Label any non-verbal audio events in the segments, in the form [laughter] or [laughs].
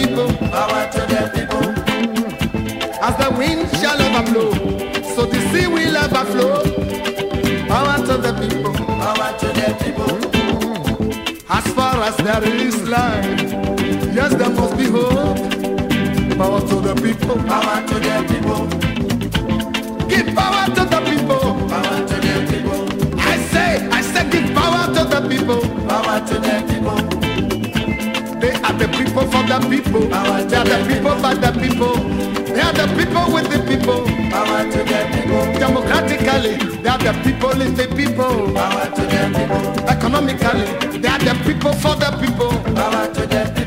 people, power to the people. As the wind shall ever blow, so the sea will ever flow. Power to the people, power to the people. As far as there is life, yes, there must be hope. Power to the people, power to the people. Give power to the the people for the people. They are the people by the people. They are the people with the people. Power to the people. Democratically, they are the people is the people. Power to the people. Economically, they are the people for the people. Power to the people.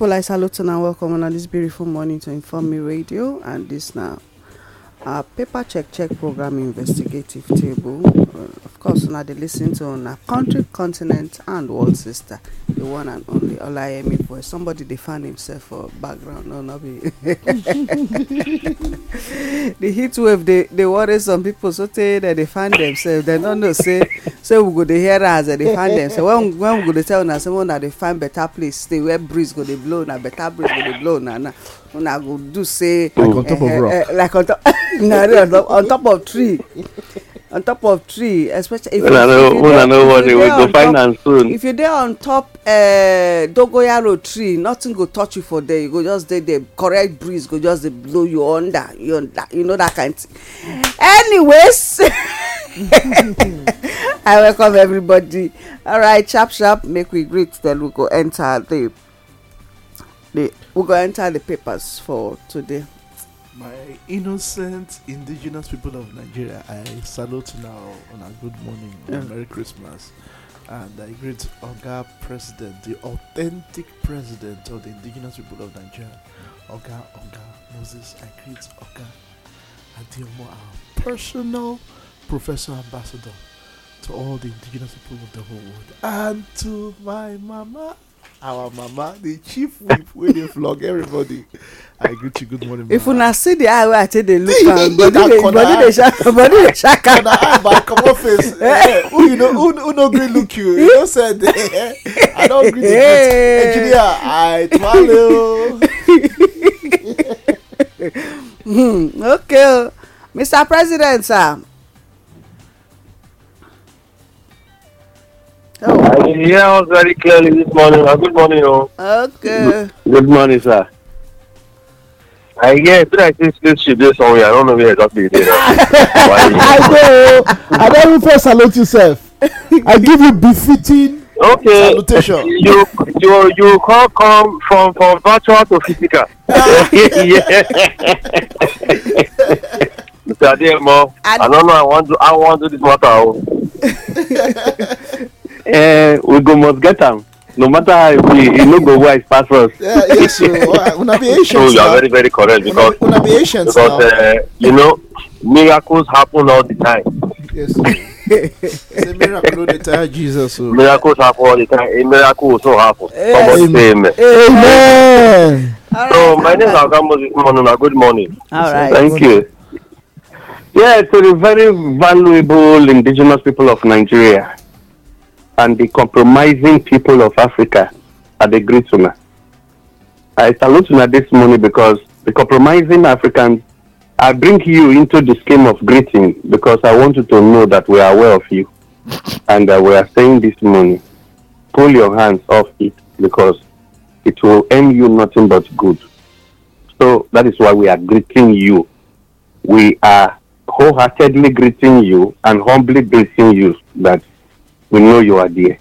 people i salute and welcome on this beautiful morning to inform me radio and this now our paper check check program investigative table uh, of course now they listen to on a country continent and world sister the one and only olayemi boy somebody dey himself for background no no be [laughs] the heat wave They they worry some people so they dem dey find themselves dem no know say say we go dey hear as dem dey find dem so when when we go dey tell una say una dey find better place stay where breeze go dey blow una better breeze go dey blow una now una go do say like on top of eh, eh, rock like on top [laughs] na on top of tree on top of tree especially if know you dey on top eh, dogoyaro tree nothing go touch you for there you go just dey there correct breeze go just dey blow you under you under. You know that kind thing anyways [laughs] I welcome everybody. All right, chap, chap. make we greet. Then we go enter the the we go enter the papers for today. My innocent indigenous people of Nigeria, I salute now on a good morning, yeah. Merry Christmas, and I greet Oga President, the authentic President of the indigenous people of Nigeria, Oga Oga Moses. I greet Oga Adiomo, our personal Professor Ambassador to all the indigenous people of the whole world and to my mama our mama the chief whip [laughs] wey dey flog everybody i greet you good morning mama. if una see the eye wey i take dey look am [laughs] [laughs] body dey body dey shak body dey shaka. am. na eye ba comot face eh, who you know who, who no gree look you you know say i don gree to greet engineer i twale o. Oh. hmm, okay oh. mr president sir. Oh. I can hear us very clearly this morning. Uh, good morning, oh. Okay. Good morning, sir. I hear it I think this should be somewhere. I don't know where I exactly it is. [laughs] I know. Oh. I don't even first salute yourself. I give you befitting okay salutation. you you you call come from from virtual to physical. [laughs] [laughs] Mr. Ademo, I don't know. I want to I want to do this matter. Oh. Eh, we go must get am no matter how e be e no go wise pass us. yes so [laughs] you are very very correct because una be patient now. because uh, you know miracles happen all the time. yes say miracle no dey tire jesus o. Oh. miracles happen all the time a miracle also happen. somebody say amen. amen. Right, so my name is Agamo this morning good morning. all right thank you. Yeah, to the very valuable indigenous people of Nigeria. and the compromising people of Africa at the Great I salute Una this morning because the compromising Africans, I bring you into the scheme of greeting because I want you to know that we are aware of you and that we are saying this morning, pull your hands off it because it will earn you nothing but good. So that is why we are greeting you. We are wholeheartedly greeting you and humbly greeting you that we know you are there.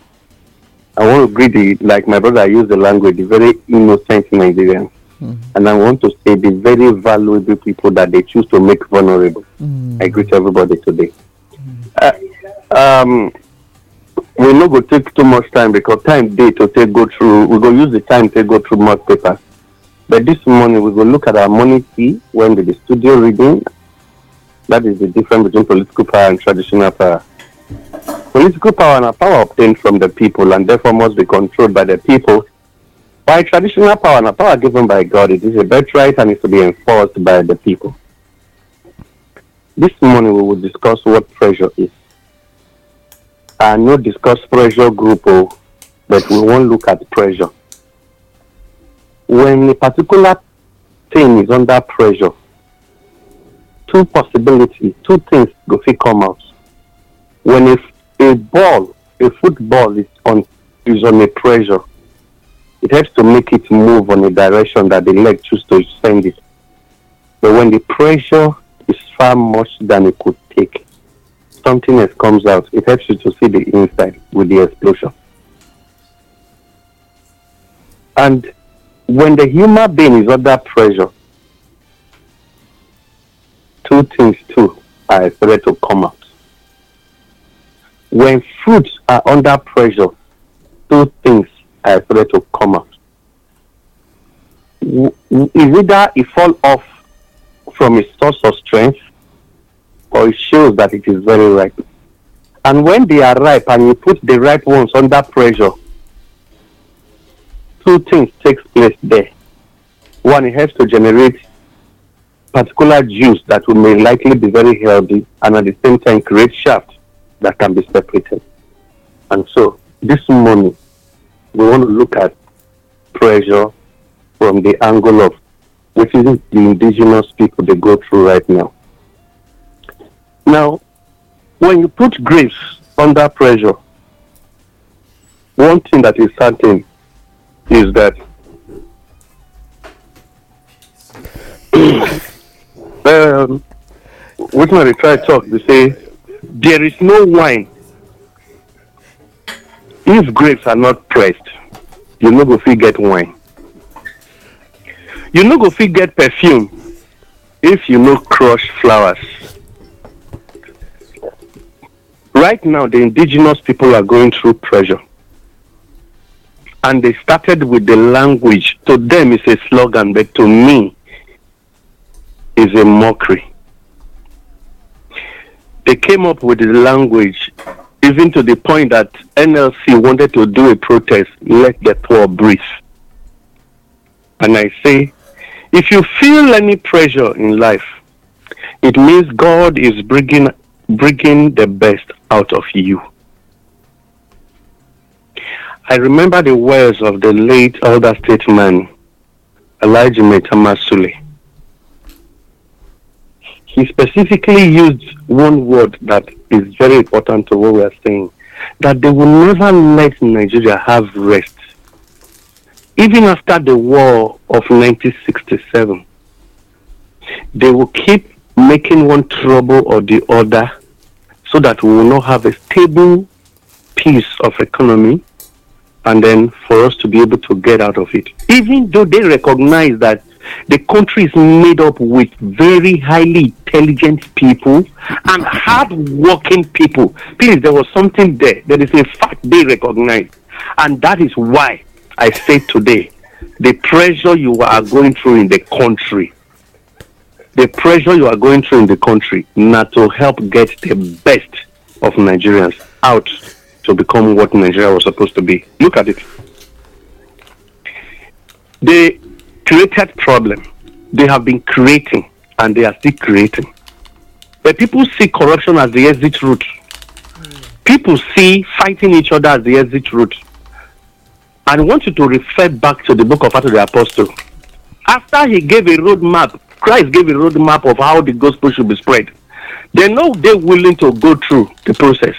I want to greet the, like my brother I use the language, the very innocent Nigerians. Mm-hmm. And I want to say the very valuable people that they choose to make vulnerable. Mm-hmm. I greet everybody today. Mm-hmm. Uh, um, we no go take too much time because time day to take go through. We go use the time to go through more papers. But this morning we will look at our money fee when the studio reading. That is the difference between political power and traditional power. Political power and power obtained from the people and therefore must be controlled by the people. By traditional power and power given by God, it is a birthright and is to be enforced by the people. This morning we will discuss what pressure is. I know discuss pressure group, but we won't look at pressure. When a particular thing is under pressure, two possibilities, two things go to come out when a, a ball, a football is on is on a pressure, it helps to make it move on a direction that the leg chooses to send it. But when the pressure is far much than it could take, something else comes out. It helps you to see the inside with the explosion. And when the human being is under pressure, two things too are expected to come out when fruits are under pressure, two things are expected to come out. Is either it fall off from its source of strength or it shows that it is very ripe. And when they are ripe and you put the ripe ones under pressure, two things takes place there. One, it helps to generate particular juice that will may likely be very healthy and at the same time create shaft that can be separated. And so this morning, we want to look at pressure from the angle of which is the indigenous people they go through right now. Now, when you put grapes under pressure, one thing that is certain is that [coughs] um, which when they try to talk, they say there is no wine. If grapes are not pressed, you no go fit get wine. You no go fit get perfume if you no crush flowers. Right now, the indigenous people are going through pressure. And they started with the language. To them, it's a slogan, but to me, it's a mockery they came up with the language, even to the point that NLC wanted to do a protest, let the poor breathe. And I say, if you feel any pressure in life, it means God is bringing, bringing the best out of you. I remember the words of the late elder statesman, Elijah Metama he specifically used one word that is very important to what we are saying that they will never let Nigeria have rest. Even after the war of 1967, they will keep making one trouble or the other so that we will not have a stable piece of economy and then for us to be able to get out of it. Even though they recognize that the country is made up with very highly intelligent people and hardworking people. Please, there was something there. There is a fact they recognize. And that is why I say today the pressure you are going through in the country, the pressure you are going through in the country, not to help get the best of Nigerians out to become what Nigeria was supposed to be. Look at it. The created problem. They have been creating and they are still creating. But people see corruption as the exit route. People see fighting each other as the exit route. And I want you to refer back to the book of Acts of the Apostle. After he gave a roadmap, Christ gave a roadmap of how the gospel should be spread. They know they're willing to go through the process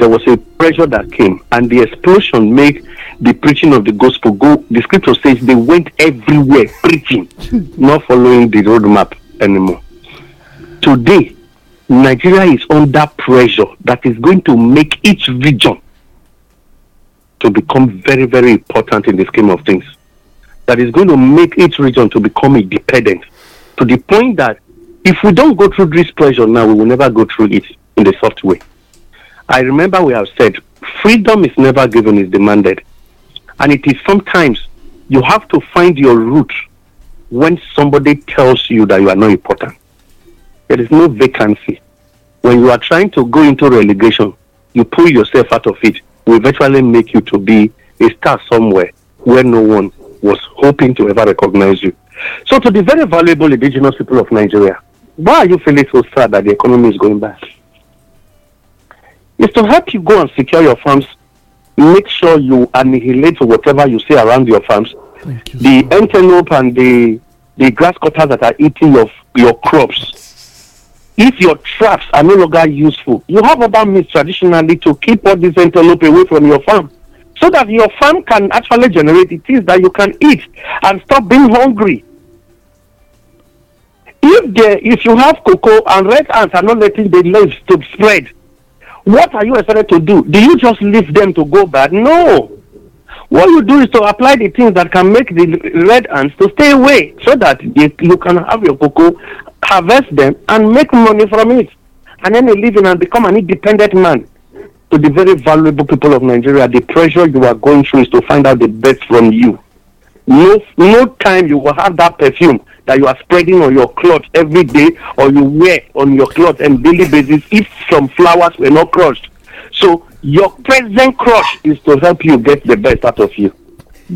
there was a pressure that came, and the explosion made the preaching of the gospel go. The scripture says they went everywhere preaching, hmm. not following the roadmap anymore. Today, Nigeria is under pressure that is going to make each region to become very, very important in the scheme of things. That is going to make each region to become independent to the point that if we don't go through this pressure now, we will never go through it in the soft way. I remember we have said freedom is never given, it's demanded. And it is sometimes you have to find your route when somebody tells you that you are not important. There is no vacancy. When you are trying to go into relegation, you pull yourself out of it, will virtually make you to be a star somewhere where no one was hoping to ever recognize you. So, to the very valuable indigenous people of Nigeria, why are you feeling so sad that the economy is going back? is to help you go and secure your farms. Make sure you annihilate whatever you see around your farms. You, the antelope and the the grass cutters that are eating your your crops. If your traps are no longer useful, you have other means traditionally to keep all these antelope away from your farm, so that your farm can actually generate the things that you can eat and stop being hungry. If the if you have cocoa and red ants are not letting the leaves to spread, What are you expected to do? Do you just leave them to go bad? No. What you do is to apply the things that can make the red ants to stay away so that they, you can have your cocoa, harvest them, and make money from it. And then you live in and become an independent man to the very valuable people of Nigeria. The pressure you are going through is to find out the best from you. No, no time you will have that perfume that you are spreading on your clothes every day or you wear on your clothes on daily basis if some flowers were not crushed. So your present crush is to help you get the best out of you.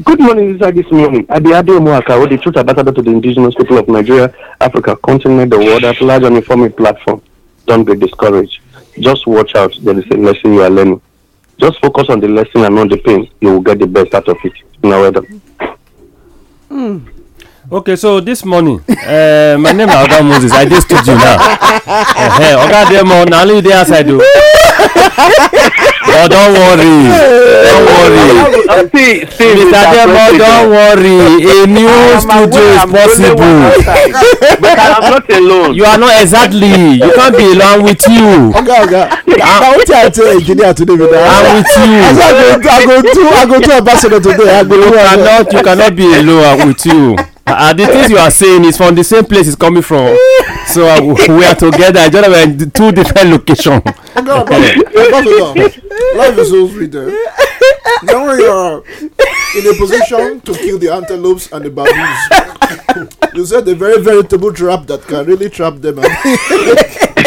Good morning, Lisa. This morning, I be Adio Muaka, where the truth ambassador to the indigenous people of Nigeria, Africa, continent, the world at large and informing platform. Don't be discouraged. Just watch out. There is a lesson you are learning. Just focus on the lesson and not the pain. You will get the best out of it. Now, well Mm okay so this morning uh, my name na oga moses i dey studio now oga demo na only you dey outside o but don't worry don't worry see, see, mr demo don worry a new studio is possible but not alone you are not exactly you can't be alone with you oga oga ah. na wetin i tell engineer today be that i'm with you i go do i go do i go do ambassador today i go do you cannot you cannot be alone with you. Uh, uh, the things you are saying is from the same place it's coming from. So uh, we are together. Just in two different locations. [laughs] No, Life is so sweet. Now we are in a position to kill the antelopes and the baboons. [laughs] you said a very veritable trap that can really trap them. Eh?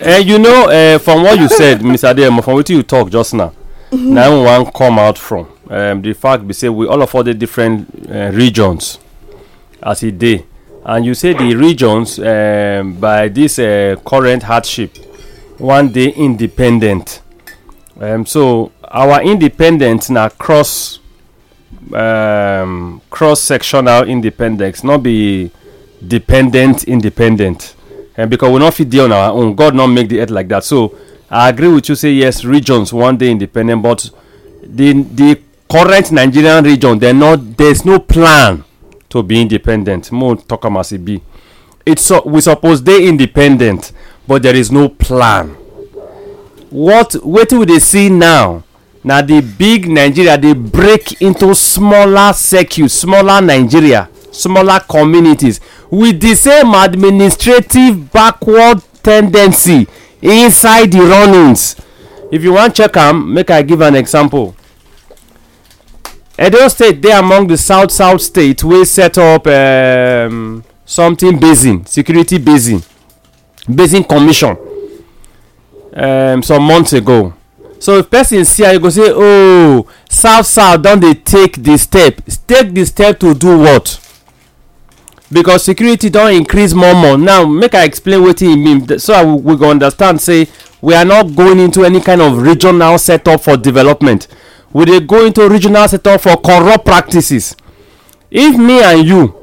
[laughs] And you know, uh, from what you said, Mr. Ademo, from what you talk just now, mm-hmm. now one come out from um, the fact we say we all of all the different uh, regions as e dey and you say di regions um, by dis uh, current hardship wan dey independent um, so our independence na cross um, cross sectional independence not be dependent independent um, because we no fit dey on our own god no make the earth like that so i agree with you say yes regions wan dey independent but the the current nigerian region dem no there is no plan to be independent. More talk about e it. It's we suppose they independent, but there is no plan. What what do they see now? Now the big Nigeria they break into smaller circuits, smaller Nigeria, smaller communities with the same administrative backward tendency inside the runnings. If you want check them, make I give an example edo state dey among the south south states wey set up um, something basin security basin basin commission um, some months ago so if person see am you go say oh south south don dey take the step take the step to do what because security don increase more and more now make i explain wetin e mean so i we go understand say we are not going into any kind of regional setup for development we dey go into regional setup for corrupt practices if me and you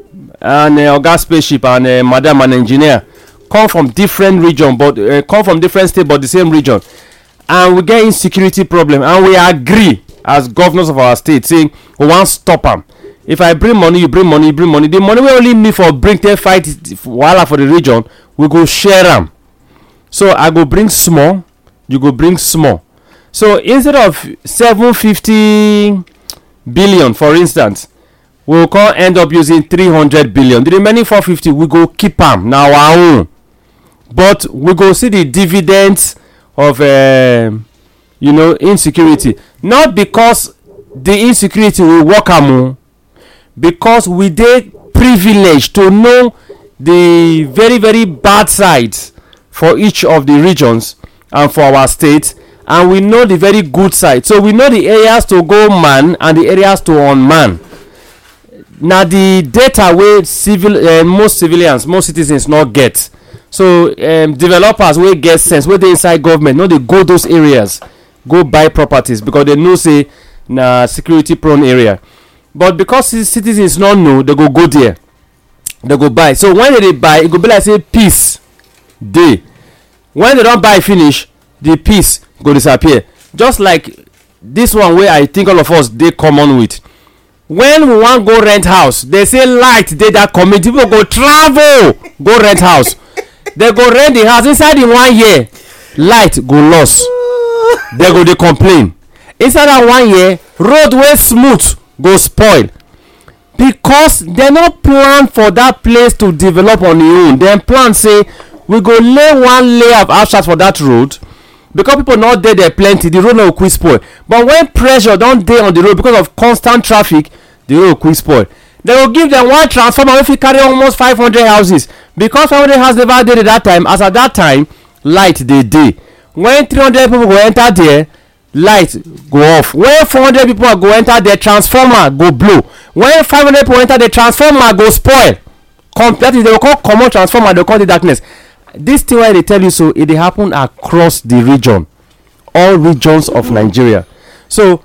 and eh, oga spaceship and eh, madam and engineer come from different region but eh, come from different state but the same region and we get insecurity problem and we agree as governors of our state say we wan stop am if i bring money you bring money you bring money the money wey only me for bring take fight wahala for the region we go share am so i go bring small you go bring small So instead of seven fifty billion, for instance, we'll call end up using three hundred billion. The remaining four fifty, we go keep them now our own. But we go see the dividends of uh, you know insecurity. Not because the insecurity will work among because we dey privileged to know the very very bad sides for each of the regions and for our state and we know the very good side so we know the areas to go man and the areas to unman na the data wey civil uh, most civilians most citizens no get so um, developers wey get sense wey dey inside government no dey go those areas go buy properties because they know say na security prone area but because citizens no know they go go there they go buy so when they dey buy e go be like say peace dey when they don buy finish the peace go disappear just like this one wey i think all of us dey common with when we wan go rent house they say light dey that community people go travel go rent house They go rent the house inside di one year light go loss They go dey complain inside that one year road wey smooth go spoil because they no plan for that place to develop on e own dem plan say we go lay one layer of asphalt for that road because people not dey there plenty the road no quick spoil but when pressure don dey on the road because of constant traffic the road quick spoil They go give them one transformer wey fit carry almost five hundred houses because five hundred house never dey that time as at that time light dey dey when three hundred people go enter there light go off when four hundred people go enter there transformer go blow when five hundred people enter there transformer go spoil completely dem go come comot transformer They go come dey darkness This thing why they tell you so It dey happen across the region all regions of nigeria so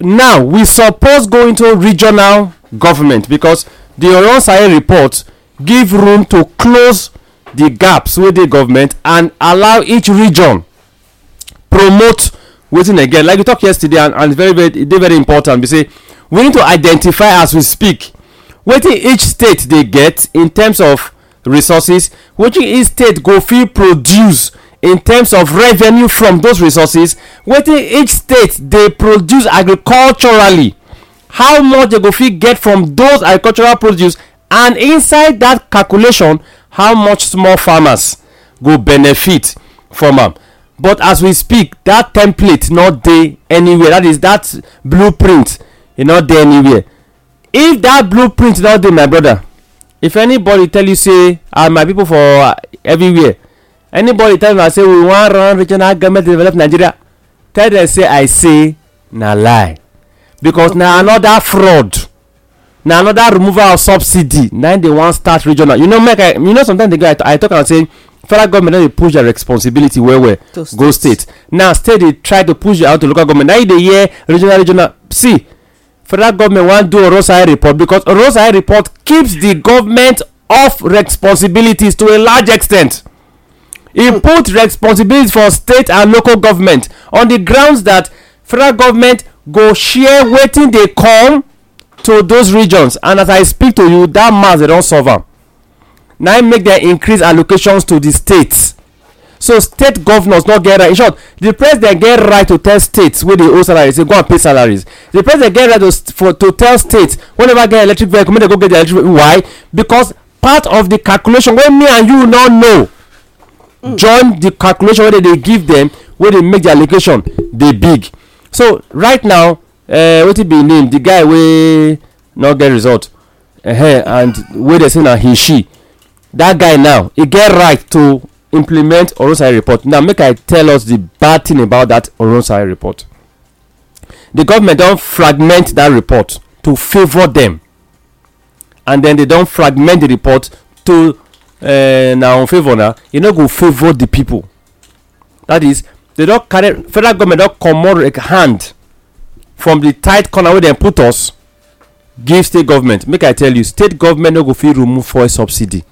now we suppose go into regional government because the oron sahel report give room to close the gaps wey dey government and allow each region promote wetin again like we talk yesterday and and very very e dey very important be say we need to identify as we speak wetin each state dey get in terms of resources which each state go fit produce in terms of revenue from those resources wetin each state dey produce agriculturally how much they go fit get from those agricultural produce and inside that calculation how much small farmers go benefit from am but as we speak that template no dey anywhere that is that blueprint e no dey anywhere if that blueprint no dey my brother if anybody tell you say ah my people for uh, everywhere anybody tell una say we wan run regional government develop nigeria tell dem say i say na lie because na another fraud na another removal of subsidy na im dey wan start regional you know make i you know sometimes the go. i talk am say federal government no dey push their responsibility well well go state now state dey try to push their own to local government Now you dey hear regional regional see federal government wan do a oronsaye report because oronsaye report keeps the government off responsibilities to a large extent e put responsibility for state and local government on the grounds that federal government go share wetin dey come to those regions and as i speak to you that mass dey don solve am na im make dem increase allocations to the states so state governors no get right in short the president get right to tell states wey dey owe salaries say go and pay salaries The president get right to for to tell states wey never get electric vehicle make dem go get their electric vehicle why because part of the calculation wey me and you no know mm. join the calculation wey they dey give them, wey dey make di allocation dey big so right now eh, wetin be name The guy wey no get result eh, eh, and wey dey say na he she that guy now e get right to implement oronsai report now make i tell us the bad thing about that oronsai report the government don't fragment that report to favour them and then they don't fragment the report to uh, eh, favour now. You know go favour the people that is they don carry federal government don comot eh, hand from the tight corner where they put us give state government make i tell you state government no go feel remove a subsidy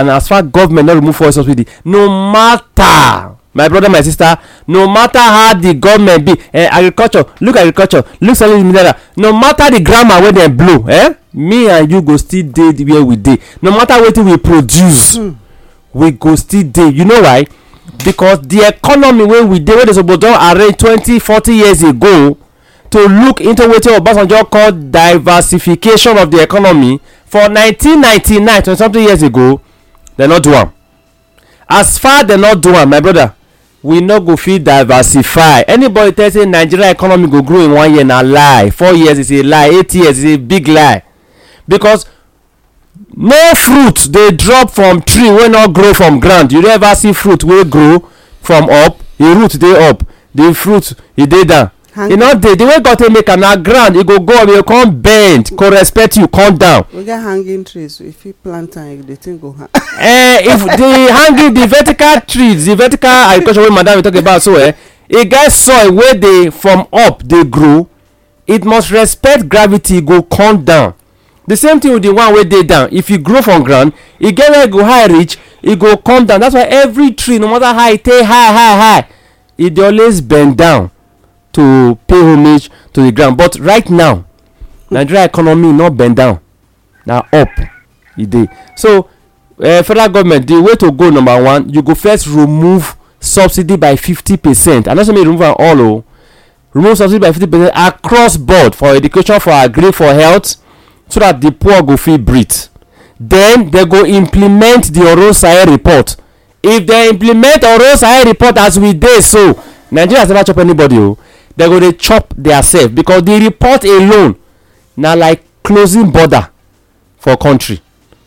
and as far government no remove fuel subsidy no matter my brother my sister no matter how the government be eh, agriculture look agriculture look solid mineral no matter the grammar wey dem blow eh, me and you go still dey where we dey no matter wetin we produce mm. we go still dey you know why because the economy wey we dey wey dey suppose don arrange twenty forty years ago to look into wetin obasanjo call diversification of the economy for nineteen ninety nine twenty something years ago They no do am as far they no do am my brother we no go fit diversify anybody tell say nigeria economy go grow in one year na lie four years is a lie eight years is a big lie because no fruit dey drop from tree wey no grow from ground you never see fruit wey grow from up e root dey up the fruit e dey down You know, dey the way god take make am na ground e go go up e go come bend go respect you come down. we get hanging trees we fit plant am the thing go hang. [laughs] eh if the hanging the vertical trees the vertical agriculture wey madam we talk about so eh e get soil wey dey from up dey grow it must respect gravity go come down the same thing with the one wey dey down if e grow from ground e get where e go high reach e go come down that's why every tree no matter how e take high high high e dey always bend down to pay homage to the ground but right now nigeria economy no bend down na up e dey so eh, federal government the way to go number one you go first remove subsidy by fifty percent i no say make you remove am all o oh. remove subsidy by fifty percent across board for education for agri for health so that the poor go fit breathe then they go implement the oro sahel report if they implement oro sahel report as we dey so nigeria never chop anybody o oh. They go dey chop theirself because the report alone na like closing border for country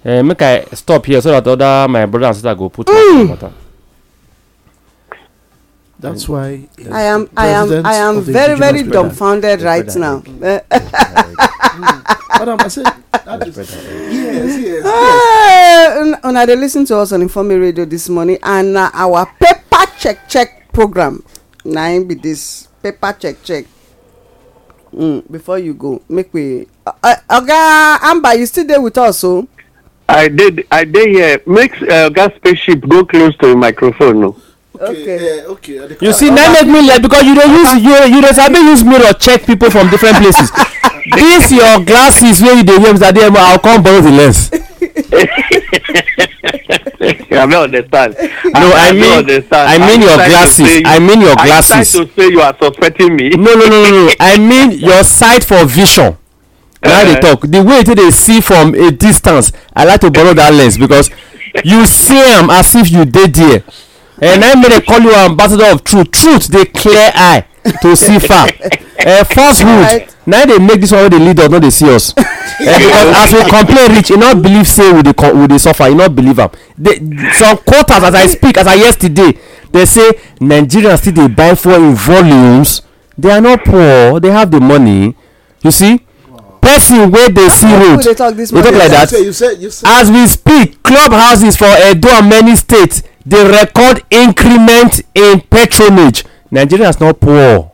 eh, make i stop here so that other my brother and sister go put mm. water. That's why I am I am I am very very dumbfounded right now. Eh. [laughs] Madam, I said yes, yes, yes. Uh, una dey listen to us on Informe Radio this morning and na uh, our paper check check program na im be this paper check check mm, before you go make we uh, uh, oga amber you still dey with us o. Oh? i dey i dey here make uh, oga spaceship go close to your microphone No? okay eh, you see na make me laugh because you dey use [laughs] you you dey sabi use mirror check people from different places [laughs] this your glasses wey you dey wear mr adeyemo i come borrow the lens. [laughs] i no understand. no i, I mean i mean your glasses you, i mean your glasses. i try to say you are suspecting me. no no no no no i mean your sight for vision. na i dey uh-huh. talk the way you take dey see from a distance i like to borrow that lens because you see am as if you dey there Eh, and i make dem call you ambassador of truth truth dey clear eye to see far [laughs] eh, falsehood na dey make this one wey dey lead us no dey see us [laughs] eh, because as we complain reach e no believe say we dey suffer e no believe am some quarters, as i speak as i yesterday dey say nigerians still dey buy for in volumes they are not poor they have the money you see person wey dey see road dey talk like that as we speak club houses for edo and many states The record increment in patronage nigerians no poor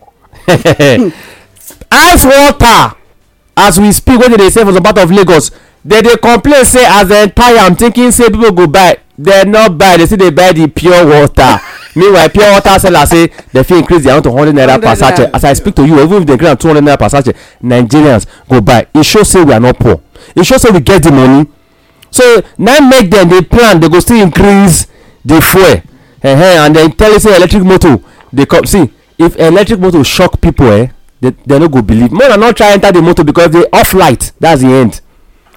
ice [laughs] water as we speak wey dem dey sell for some part of lagos dem dey complain say as dem tie am thinking say people go buy dem no buy dem still dey buy the pure water [laughs] meanwhile pure water seller say dem fit increase the amount to hundred naira per sachet as i speak to you even if dem increase am two hundred naira per sachet nigerians go buy e show say we are not poor e show say we get the money so na make dem dey plan dem go still increase the fuel uh and the intelligent electric motor dey come see if electric motor shock people eh they, they no go believe make una no try enter the motor because they off light that's the end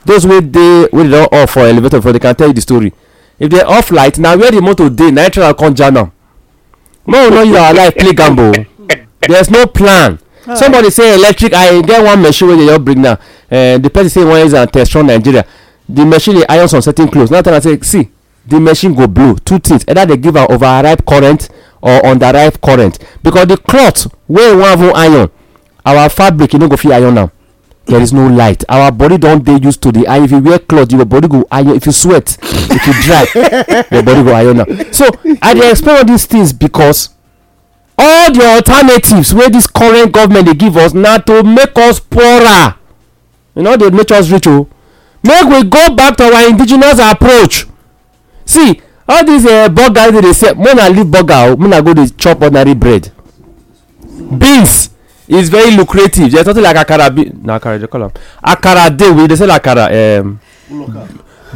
those wey dey wey dey don off for elevator before they can tell you the story if they off light na where the motor dey na natural come jam am make we no use our life play gamble there's no plan All somebody say electric i get one machine wey dey just bring now uh, the person say he wan use am test run nigeria the machine dey iron some certain clothes now tell am say see the machine go blow two things either they give am overripe current or underripe current because the cloth wey wan even iron our fabric e no go fit iron am there is no light our body don dey used to the iron if you wear cloth your body go iron if you sweat [laughs] if you dry [laughs] your body go iron am so i dey explain all these things because all the alternatives wey this current government dey give us na to make us poorer You know they make us rich o make we go back to our indigenous approach see all dis eh, burger wey dey sell make una leave burger o oh, make una go dey chop ordinary bread beans is very lucrative there is nothing like akara na akara dey call am akara dey we dey sell akara um,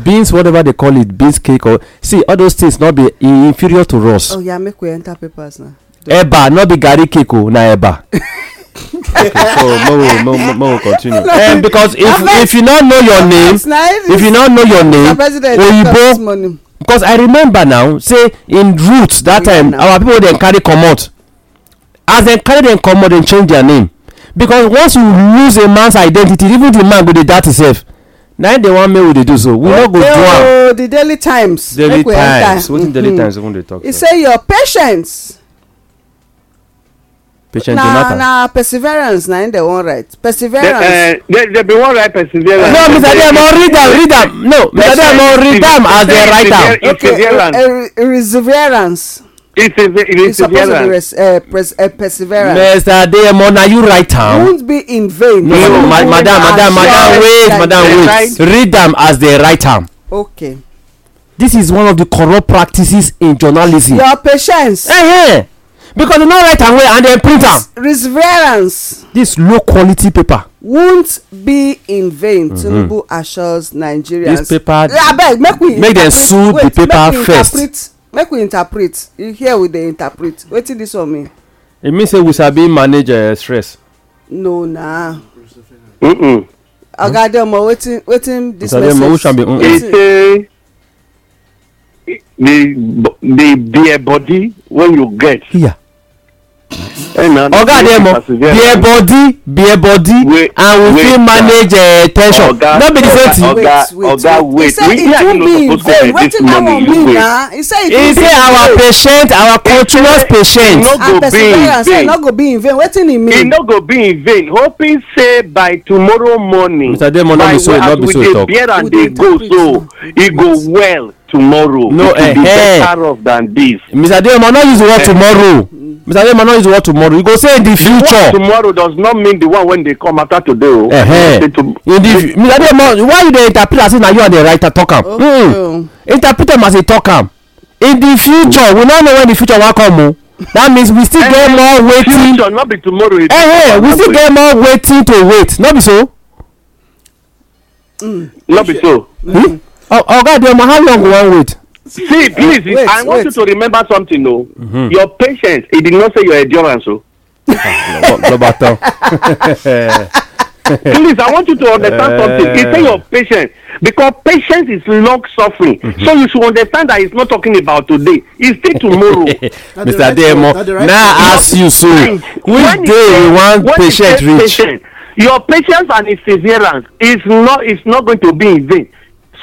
beans whatever they call it beans cake or see all those things not be inferior to us. oh yeah make we enter papers now. eba no be garri cake o oh, na eba. [laughs] okay so mo mo mo mo continue. um, because if if you no know your name if you no know your name oyibo because i remember now say in roots that time our people dem carry comot as dem carry dem comot dem change their name because once you lose a man's identity even the man go dey doubt himself na im dey wan make we dey do so we no go do am. Oh, the daily times daily times wetin daily mm-hmm. times even dey talk. e say your patience patient jonathan. na na perseverance na im dey wan write perseverance. they eh, they bin wan write perseverance. no mr adeyemo read am read am no mr adeyemo read am as dem write am. okay perseverance. Eh, eh, it is, it is perseverance. Uh, pres uh, perseverance. Mr. Adeyemo, now you write down. Won't be in vain. No, no, no ma madam, madam, madam, wait, madam, wait. Read them as they write down. Okay. This is one of the corrupt practices in journalism. Your patience. Hey, hey because dem no write am well and dem print am. perseverance. this low quality paper. won't be in vain mm -hmm. assures nigerians. this paper abeg ah, make we make dem sue the paper make first. Interpret, make we interpret You here we dey interpret wetin dis one mean. e mean say we sabi manage uh, stress. no na. Mm -mm. oga adeomo wetin wetin dis message. adeomo who sabi. e say the the their body wey you get. Yeah oga adeyemo be a body be a body wait, and we fit manage uh, tension no be the same thing. oga oga wait we hear you no suppose go like this morning you wait. he say our patient our continuous patient. no ah, go be in vain no go be in vain wetin he mean. he no go be in vain hoping say by tomorrow morning. mr adeyemo no be so no be so oh, he talk. by as we dey bear and dey go so e go well tomorrow. no eh eh it will be eh, eh. better off than this. mr adeyemo no use the word tomorrow mr ademano is what tomorrow you go say in the future. the tomorrow does not mean the one when they come after today o. Uh -huh. in the mr ademano why you dey interpret as if na you and the writer talk am. Okay. Mm. interpret am as he talk am in the future we no know when the future wan come o oh. that means we still get more waiting future no be tomorrow eh hey, we still get more waiting to wait no be so. Mm. no be so. Hmm? Mm. oga oh, adeoma how long we wan wait. See, please, uh, wait, I want wait. you to remember something, though. Mm -hmm. Your patience, it did not say your endurance, so. please, I want you to understand uh, something. It say your patience because patience is long suffering. Mm -hmm. So you should understand that he's not talking about today. It's still tomorrow. Mr. Right Demo, now ask you so. Which day you want patient reach? Patient, your patience and perseverance is not is not going to be in vain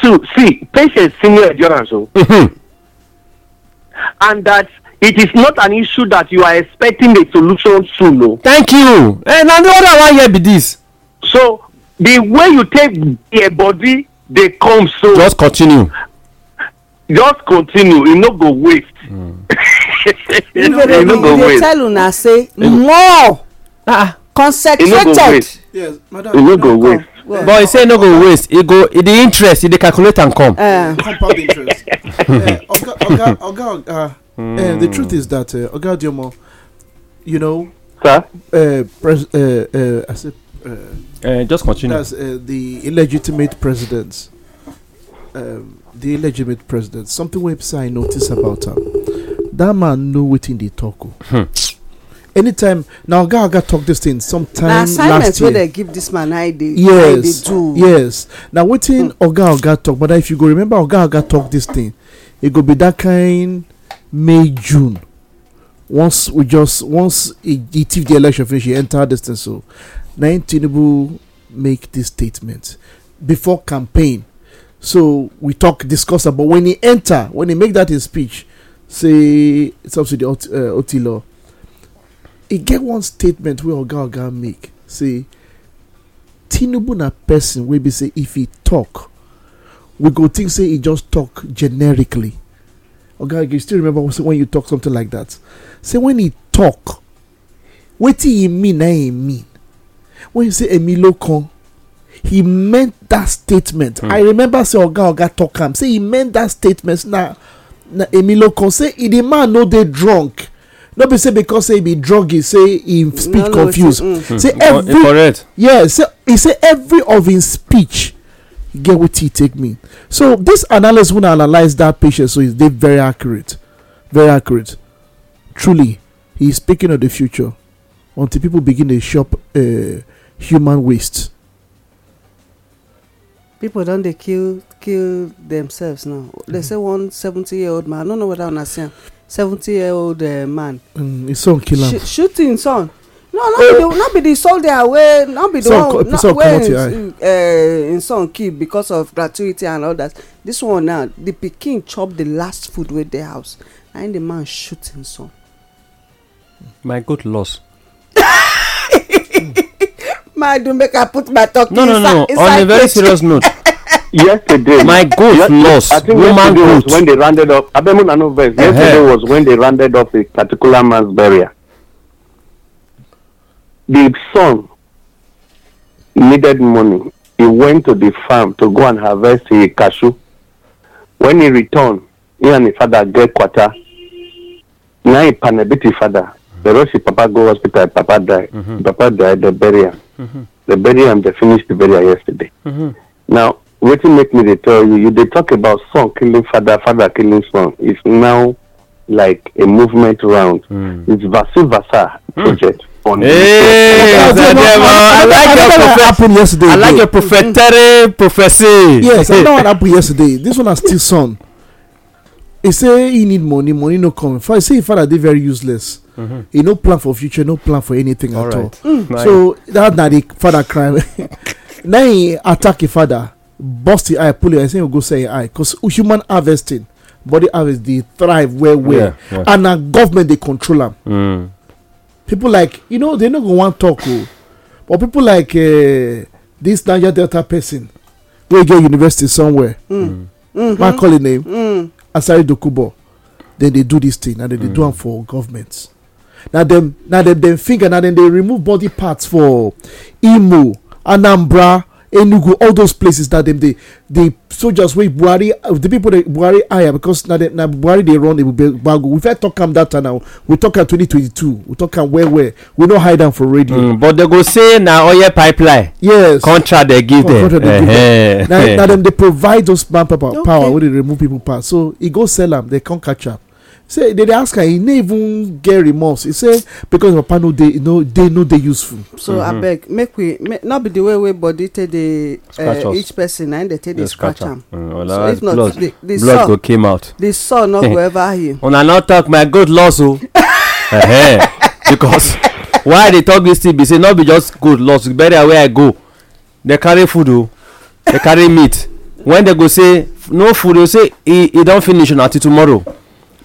to see patience senior endurance o. Oh. Mm -hmm. and that it is not an issue that you are expecting a solution soon o. Oh. thank you And eh, na the other one here be this. so the way you take your body dey come so. just continue. just continue e no go waste. Mm. you no go waste. dey tell una say more concentrated. Yes, e no go waste. but he say no go waste e go the interest e dey calculate and come eh. compound interest [laughs] eh, oga oga oga uh, eh, the hmm. truth is that oga adeomo you know sir uh, pres uh, uh, i say uh, uh, just continue that's uh, the illegitimate president um, the illegitimate president something wey i notice about am that man know wetin dey talk o. Oh. Hmm. anytime now oga oga talk this thing sometime last year na assignment wey dem give this man i dey do yes na wetin hmm. oga oga talk but if you go remember oga oga talk this thing e go be that kind may june once we just once e tiff the election finish he enter this thing so na im tinubu make this statement before campaign so we talk discuss about when he enter when he make that his speech say subsidy ot uh, otilo e get one statement wey oga oga make say tinubu na person wey be say if he talk we go think say he just talk generically oga you still remember when you talk something like that say when he talk wetin he mean na he mean when you say emilo kan he meant that statement hmm. i remember say oga oga talk am say he meant that statement na na emilo kan say e the man no dey drunk no be say because say he be druggy say im speech confuse say mm. every yes e say every of im speech get wetin he take mean so this analysis wey analyse that patient so e dey very accurate very accurate truly he is speaking of the future until people begin dey chop uh, human waste people don dey kill kill themselves now they mm. say one seventy year old man i no know whether una see am seventy year old uh, man mm, his son kill am shooting son no no be oh. the no be the soldier wey no be the son, one no, wey him uh, him son kill because of gratuity and all that this one now the pikin chop the last food wey dey house na him the man shoot him son. my goat loss. [laughs] my do make i put my talk no, no, inside no. no no on a very serious note yesterday. My goat yes, lost. I think yesterday goat. was when they rounded up. Abemuna no vex. Uh-huh. Yesterday was when they rounded up a particular man's burial. The son needed money. He went to the farm to go and harvest a cashew. When he returned, he and his father get quarter. Now he panabit his father. The rest his papa go hospital. Papa died. Mm-hmm. Papa died. the burial. him. Mm-hmm. the bury They finished the burial yesterday. Mm-hmm. Now wetin make me dey tell you you dey talk about son killing father father killing son is now like a movement round mm. it's versa versa hmm. project. On hey, I like your happened yesterday. I like your prophetic prophecy. Yes, I know what happened yesterday. This one has still son. He say he need money, money no come. He say father they very useless. Mm-hmm. He no plan for future, no plan for anything all at right. all. Mm. So that's na the father crime. [laughs] now he attack a father burst the eye, pull your eye, you go sell your eye. Because human harvesting, body harvest, they thrive well, well. Yeah, yeah. And now government, they control them. Mm. People like, you know, they no go want talk. Oh. But people like uh, this Niger Delta person, wey get university somewhere, mm. mm. mm-hmm. man call him name, mm. Asari Dokubo. Then they do this thing and then they mm. do it for governments. Now them, now them, them finger, now then they remove body parts for Imo, Anambra, enugu all those places that them the the soldiers wey buhari the people that buhari hire because na na buhari dey run gbagbo we fit talk am that time now we talk am 2022 we talk am well well we no hide am for radio. Mm, but dem go say na oil pipeline. yes contract dem give dem. contract dem give dem na na dem dey provide those man power okay. wey dey remove people pass so e go sell am dem come catch am say they dey ask her he no even get remorse He say because papa no dey no dey no dey useful. so abeg mm-hmm. make we no be the way wey body take dey uh, each person na im dey take dey scratch am mm, so if not the the saw go came out the saw no go [laughs] ever heal. una no talk my goat loss o because why i dey talk this thing be say no be just goat loss burial wey i go dey carry food o oh. dey carry meat when dey go say no food o say e e don finish una till tomorrow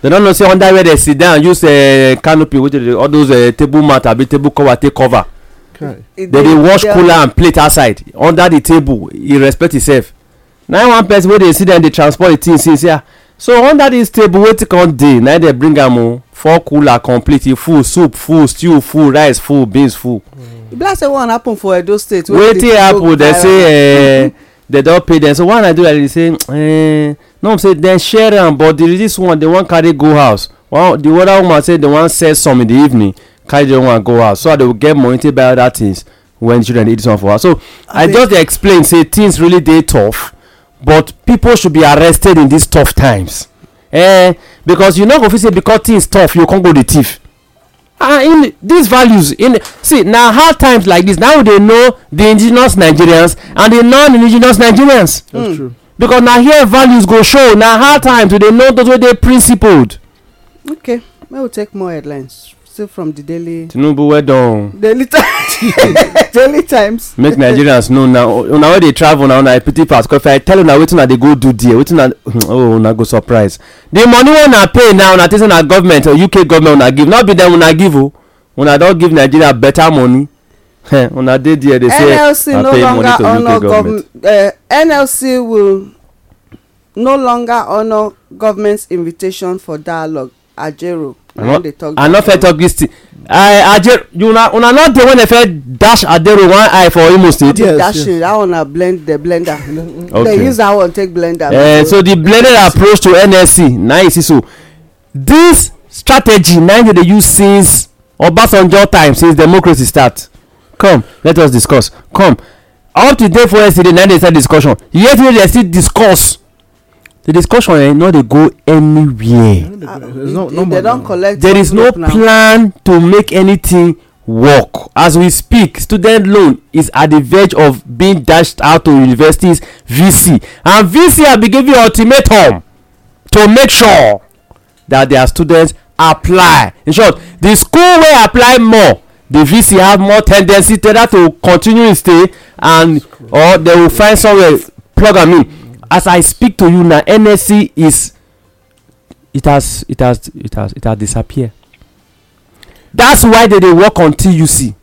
they don't know say under where they sit down use uh, canopy with uh, all those uh, table mat abi table cover take cover okay. they dey wash cooler and plate outside under the table e respect himself na one person wey dey sit down, dey transport the thing since here ah. so under this table wetin come dey na dey bring am o oh, four cooler complete e full soup full stew full rice full beans full. e be like say one happen for edo state. wetin happen dem say. Uh, eh, [laughs] mm-hmm. They don't pay them. so why i do like this say eh no say dem share am but there is this one dem wan carry go house the other woman said, dem wan sell some in the evening carry the one go house so they will get money take buy other things when children dey eat some for house so i just dey explain say things really dey tough but people should be arrested in these tough times eh because you know, if you say because things tough you can't go the thief and ah, in these values in see na hard times like this now they know the indigenous nigerians and the non-indigenous nigerians mm. because na here values go show na hard times we dey know those wey dey principled. okay may we take more headlines still from the daily tinubu well done daily times [laughs] daily times make nigerians know now una wey dey travel na una pity pass because if i tell una wetin i dey go do there wetin i [clears throat] oh una go surprise the money wey una pay now una think say na government or uk government una give no be dem una give o oh. una don give nigeria better money [laughs] una dey there dey say nlc no longer honour government eh, nlc will no longer honour government's invitation for dialogue ajero anọfẹ talk this thing una not the one dem fit dash adero one eye for imo state. yes dash it that one na blend the blender. [laughs] okay They use that one take blender. Uh, so the blended approach to nsc Nice, you so this strategy na dem dey use since obasanjo time since democracy start come let us discuss come up to date for yesterday na they start discussion yesterday dem still discuss the discussion eh, no dey go anywhere there is no plan to make anything work as we speak student loan is at the verge of being dashed out to universities vc and vc have been giving ultimatum to make sure that their students apply in short the school wey apply more the vc have more tendency to that to continue to stay and or they will find somewhere plug am in as i speak to you now nsc is it has it has it has it has disappeared that's why they dey work on tuc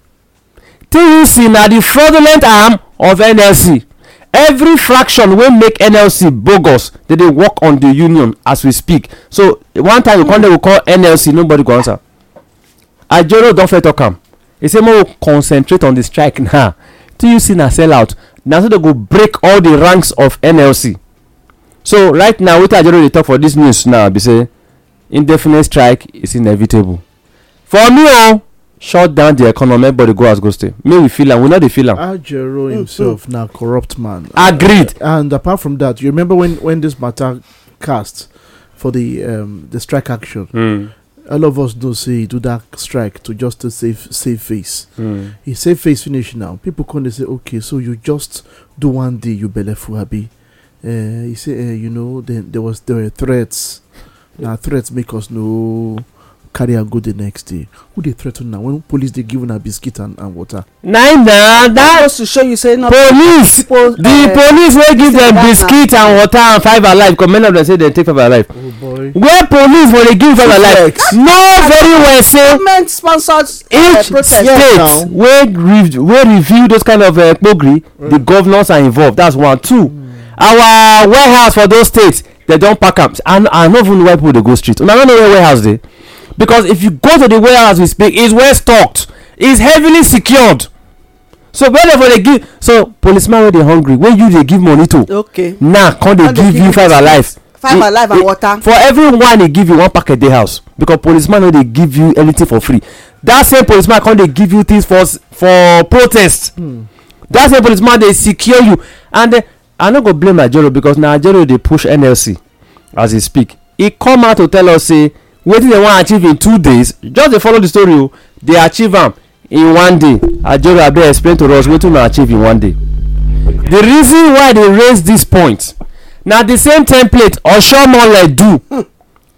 tuc na the fraudulent arm of nlc every fraction wey make nlc bogus dey dey work on the union as we speak so one time we come dey we call nlc nobody go answer ajero don first talk am he say make we concentrate on the strike now tuc na sell out na so dem go break all the ranks of nlc so right now wetin ajero dey talk for dis news now be say indefinite strike is inevitable for me o oh, shut down di economy everybody go as go stay May we feel am we no dey feel am ajero mm, mm. himself na corrupt man agreed uh, and apart from that you remember when when this matter cast for the um, the strike action. Mm. all of us do say do that strike to just to save save face. Mm. He save face finish now. People come they say, okay, so you just do one day you belefu abi. Uh, he say, uh, you know, then there was there were threats. Now threats make us know carry am go the next day who dey threaten na when police dey give una biscuit and and water. na im na that to show you say not police people, the uh, police wey give dem biscuit and water and five alive because many of dem say dem take five alive oh boy. where police go dey give five alive know very well say government uh, each state wey re wey review those kind of uh, mm. the governors are involved that's one two mm. our warehouse for those states dem don pack am and i no even know why people dey go street una no know where warehouse dey. Because if you go to the warehouse we speak, it's well stocked, it's heavily secured. So whenever they give, so policeman when they hungry, when you they give money to, okay, now nah, can they, give you five alive? Five alive and water. For everyone they give you one packet day house because policeman no they give you anything for free. That same policeman can they give you things for for protest. Hmm. That same policeman they secure you and they, I no go blame Najero because Najero they push NLC as he speak. He come out to tell us say wetin dem wan achieve in two days just dey follow the story o dey achieve am in one day ajero abeg explain to us wetin una achieve in one day the reason why i dey raise this point na the same template osomole do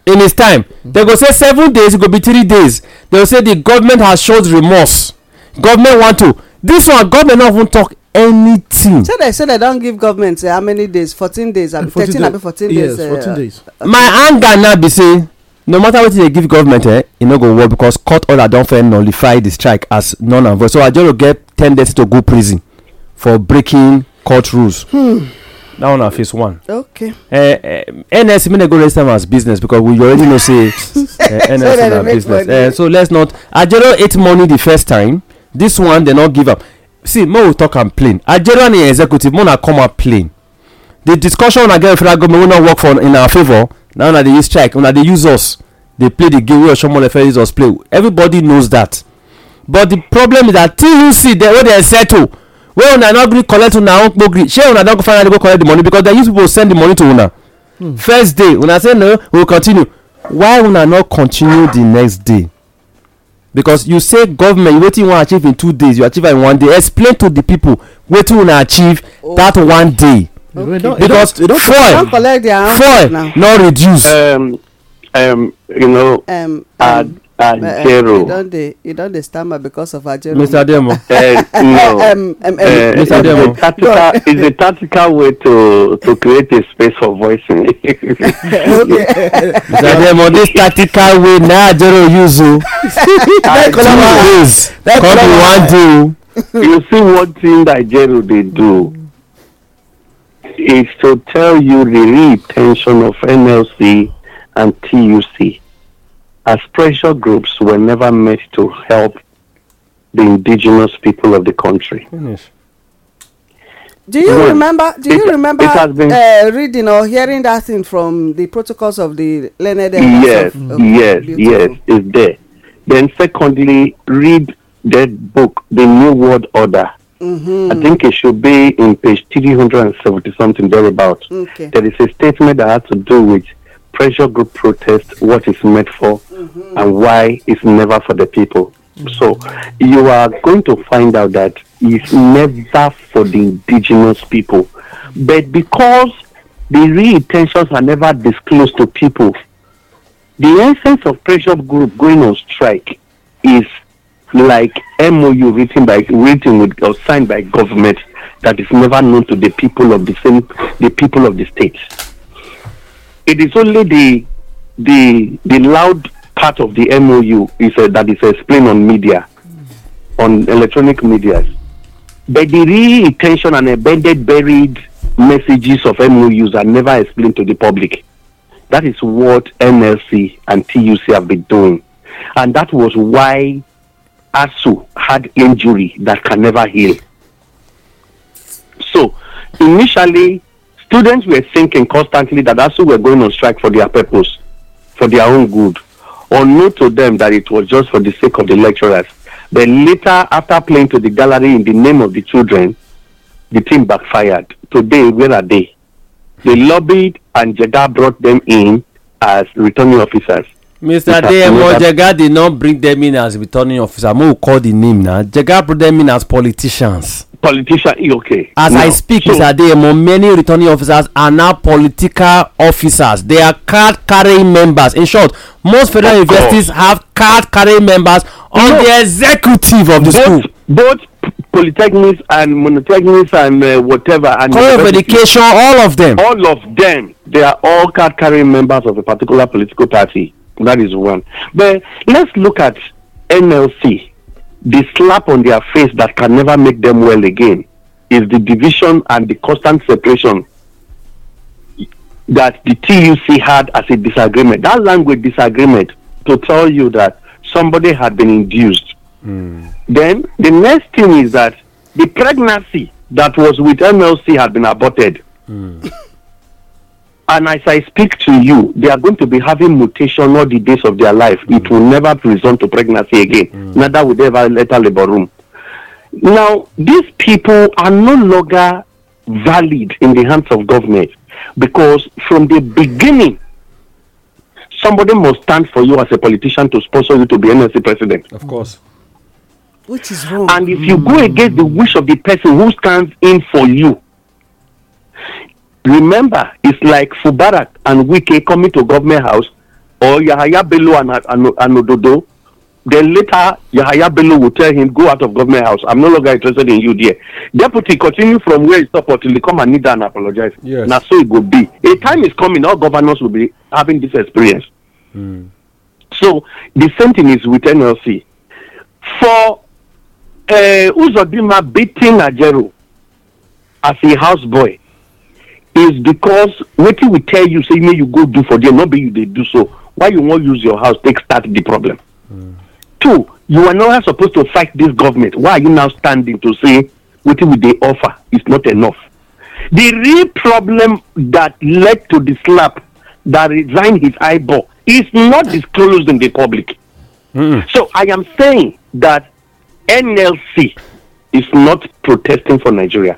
in his time dem go say seven days e go be three days dem go say the government has showed remorse government want to this one government no even talk anything. say they say they don give government uh, how many days fourteen days abi thirteen abi fourteen days. yes eh, fourteen uh, days. my anger now be say no matter wetin dey give government eh e no go work because court order don firm nullify di strike as non and void so ajero get ten days to go prison for breaking court rules hmm. that one na phase one okay uh, ns make dem go register am as business because we already know say ns [laughs] eh, na business eh, so let's not ajero ate money the first time this one dem not give am see make we talk am plain ajero and im executive more na come out plain the discussion una get with federal government wey no work for in our favour now na dey use strike una dey use us dey play the game wey oshomolefe use us play everybody knows that but the problem is that tuc wey dey settle wey una no gree collect una own gbogri shey una don finally go collect the money because dem use people send the money to una hmm. first day una say no we will continue why una no continue the next day because you say government wetin you wan achieve in two days you achieve am in one day explain to the people wetin una achieve that oh. one day Okay. Because foil, foil not reduce. Um, um, you know, um, um, Ajero. Um, you don't dey stammer because of Ajero. Mr. Demo. Uh, [laughs] eh, no. [laughs] um, um, uh, um, eh, Mr. Demo. Tactical, [laughs] it's a tactical way to, to create a space for voicing. okay. Mr. Demo, this tactical way na Ajero use o. come. ways. Come one day o. You see one thing that Ajero dey do. is to tell you relieve tension of NLC and TUC as pressure groups were never meant to help the indigenous people of the country. Do you when, remember? Do you remember uh, reading or hearing that thing from the protocols of the learned? Yes, of, of yes, yes, it's there. Then secondly, read that book, The New World Order, Mm-hmm. I think it should be in page 370 something thereabout. Okay. There is a statement that has to do with pressure group protest, what it's meant for, mm-hmm. and why it's never for the people. Mm-hmm. So you are going to find out that it's never for the indigenous people. But because the real intentions are never disclosed to people, the essence of pressure group going on strike is like MOU written by written with or signed by government that is never known to the people of the same the people of the state. It is only the the the loud part of the MOU is uh, that is explained on media, on electronic media. But the real intention and embedded buried messages of MOUs are never explained to the public. That is what NLC and TUC have been doing. And that was why Asu had injury that can never heal. So initially, students were thinking constantly that ASU were going on strike for their purpose, for their own good, or no to them that it was just for the sake of the lecturers. But later, after playing to the gallery in the name of the children, the team backfired. Today, where are they? They lobbied and Jeddah brought them in as returning officers. mr adeyemo jega dey not bring them in as returning officer mo call the name na jega bring them in as politicians. politician okay. as now, i speak so, mr adeyemo many returning officers are now political officers they are card carrying members in short most federal universities have card carrying members on no, the executive of the both, school. both polytechnics and monotechnics and uh, whatever. and College of Education, all of them. All of them, they are all card carrying members of a particular political party. That is one. But let's look at NLC. The slap on their face that can never make them well again is the division and the constant separation that the TUC had as a disagreement. That language disagreement to tell you that somebody had been induced. Mm. Then the next thing is that the pregnancy that was with MLC had been aborted. Mm. And as I speak to you, they are going to be having mutation all the days of their life. Mm. It will never result to pregnancy again. Mm. Neither would they ever a labor room. Now, these people are no longer valid in the hands of government because from the beginning, somebody must stand for you as a politician to sponsor you to be NSC president. Of course. Which is wrong. And if you go against the wish of the person who stands in for you, remember it's like Fubarak and Wike coming to government house or Yahaya Bello and, and, and Ododo then later Yahaya Bello will tell him go out of government house I'm no longer interested in you there deputy continue from where he stop until he come and kneel down and apologize yes. na so it go be a time is coming all governors will be having this experience mm. so the same thing is with NLC for uh, Uzodinma beating Ajero as a houseboy is because wetin we tell you say make you go do for there no be you dey do so why you wan use your house take start the problem mm. two you are not supposed to fight this government why are you now standing to say wetin we dey offer is not enough the real problem that led to the slap that resign his eyeball is not disclosed in the public mm. so i am saying that nlc is not protesting for nigeria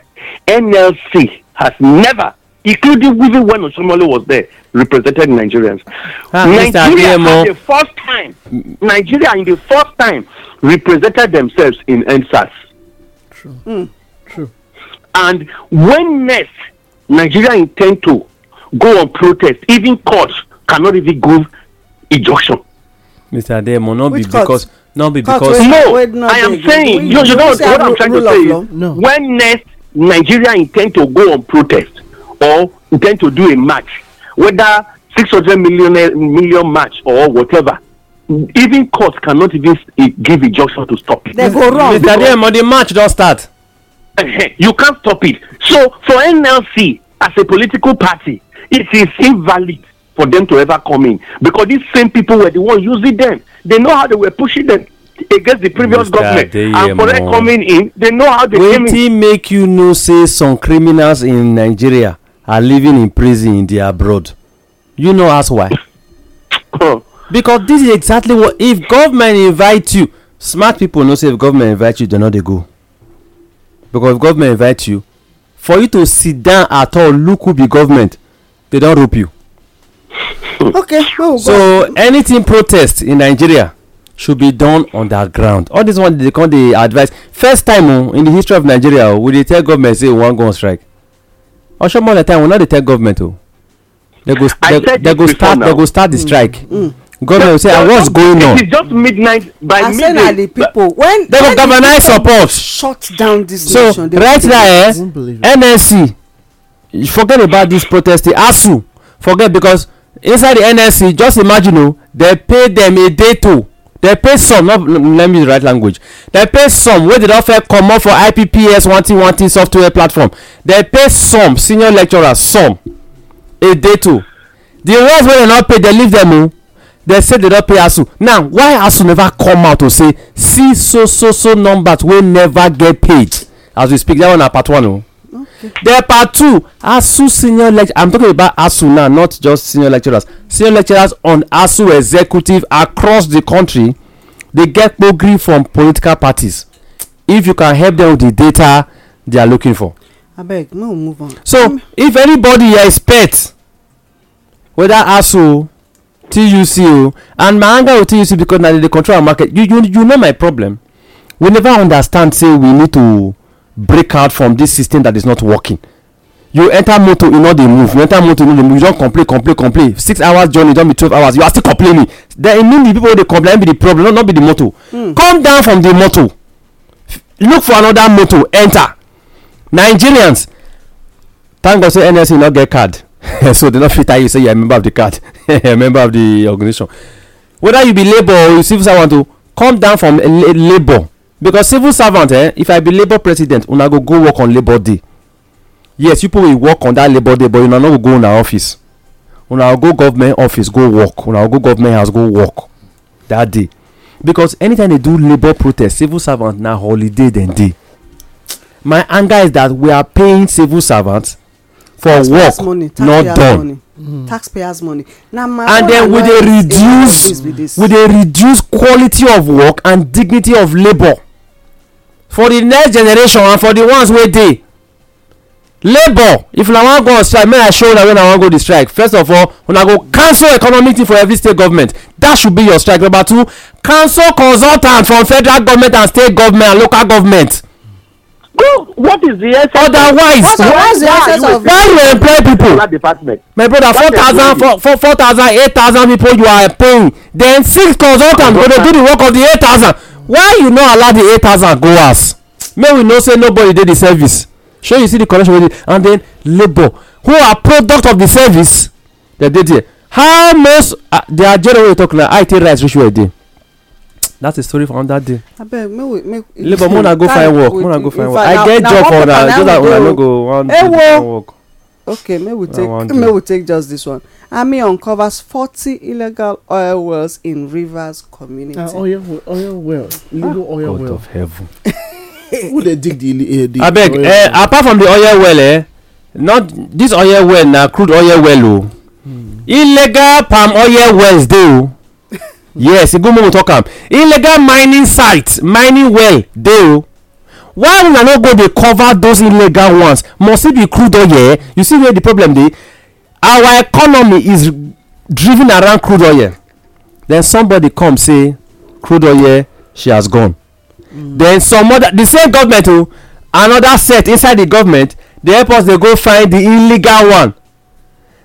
nlc has never including even when Osumole was there, represented Nigerians. Ah, Nigeria in the first time, Nigeria in the first time represented themselves in NSAS. True. Mm. True. And when next Nigeria intend to go on protest, even courts cannot even give injunction. Mr. Ademo, not be because not be because no, wait, I am saying you, you know what I'm trying to say. no. When next Nigeria intend to go on protest, or intend to do a match, whether 600 million, million match or whatever, even court cannot even eh, give injunction to stop it. They go wrong. Mr. Demo, the match don't start. Eh, you can't stop it. So for NLC as a political party, it is invalid for them to ever come in because these same people were the ones using them. They know how they were pushing them against the previous Mr. government Adeyemo. and for them coming in, they know how they Wait came in. make you know say some criminals in Nigeria are living in prison in the abroad you know ask why [laughs] because this is exactly what if government invite you smart people know say if government invite you they no dey go because if government invite you for you to sit down at all look who be government they don rope you. [laughs] okay well, so anything protest in nigeria should be done underground. all this one dey come dey advice first time o oh, in the history of nigeria o oh, we dey tell government say we wan go on strike more that time we no dey tell government o they go they go start they go start the mm. strike mm. mm. government go say and what's going on it just midnight by midnight i say na the people when they go galvanize support shut down this so nation so right now eh nsc forget about this protest. protesting asu forget because inside the nsc just imagine o oh, they pay them a day to dem pay some not let me use the right language dem pay some wey dey don fair comot for ipps one thing one thing software platform dem pay some senior lecturers some a day edeto the ones wey dem no pay dem leave dem o oh. dem say dem don pay asu now why asu never come out to say see so so so numbers wey never get paid as we speak that one na part one o. Oh then part two asu senior lecturers. i'm talking about asu now not just senior lecturers senior lecturers on asu executive across the country they get gbogri from political parties if you can help them with the data they are looking for. I beg. no move on. so mm. if anybody here is pet whether asu o tuc o and my anger with tuc because now they control our market you you you know my problem we never understand say we need to break out from this system that is not working you enter motor you no dey move you enter motor you no dey move you don complain complain complain six hours journey don be twelve hours you are still complaining then e mean the people wey dey complain be the problem not not be the motor. Mm. come down from the motor look for another motor enter nigerians thank god say nlc e no get card [laughs] so they no fit tell you say you are a member of the card [laughs] a member of the organisation whether you be labour or you civil servant o oh, come down from labour because civil servant eh if i be labour president una go go work on labour day yes you people work on that labour day but una no go go una office una go government office go work una go government house go work that day because anytime they do labour protest civil servant na holiday dem dey my anger is that we are paying civil servants for taxpayers work not done mm. taxpayers money and then we dey reduce we dey reduce quality of work and dignity of labour for the next generation and for the ones wey dey labour if na wan go on strike may i show una when i wan go the strike first of all una go cancel economic thing for every state government that should be your strike number two cancel consultant from federal government and state government and local government. Well, what is the essence otherwise what, is the essence of why you employ people my brother four thousand four four four thousand eight thousand people you are paying then six consultants go dey do the work of the eight thousand why you no allow the eight thousand go house make we know say nobody dey the service shey you see the connection wey dey and then labour who are product of the service dem dey there how most uh, the agenda wey we talk na how e take rise reach where e dey that's a story for another day. abeg make we make. labour [laughs] muna go find work muna go find work i get job for una So that una no go wan do work okay may we take may we take just this one army uncovers forty illegal oil wells in rivers community. Uh, oil oil well illegal ah. oil God well. of heaven. who dey dig the uh, the. abeg uh, apart from the oil well eh not this oil well na crude oil well o. Oh. Hmm. illegal palm oil wells dey o. Oh. [laughs] yes e good make we talk am illegal mining site mining well dey o. Oh why una no go dey cover those illegal ones must it be crude oil you see where the problem dey our economy is driven around crude oil then somebody come say crude oil she has gone mm. then some other the same government o oh, another set inside the government dey help us dey go find the illegal one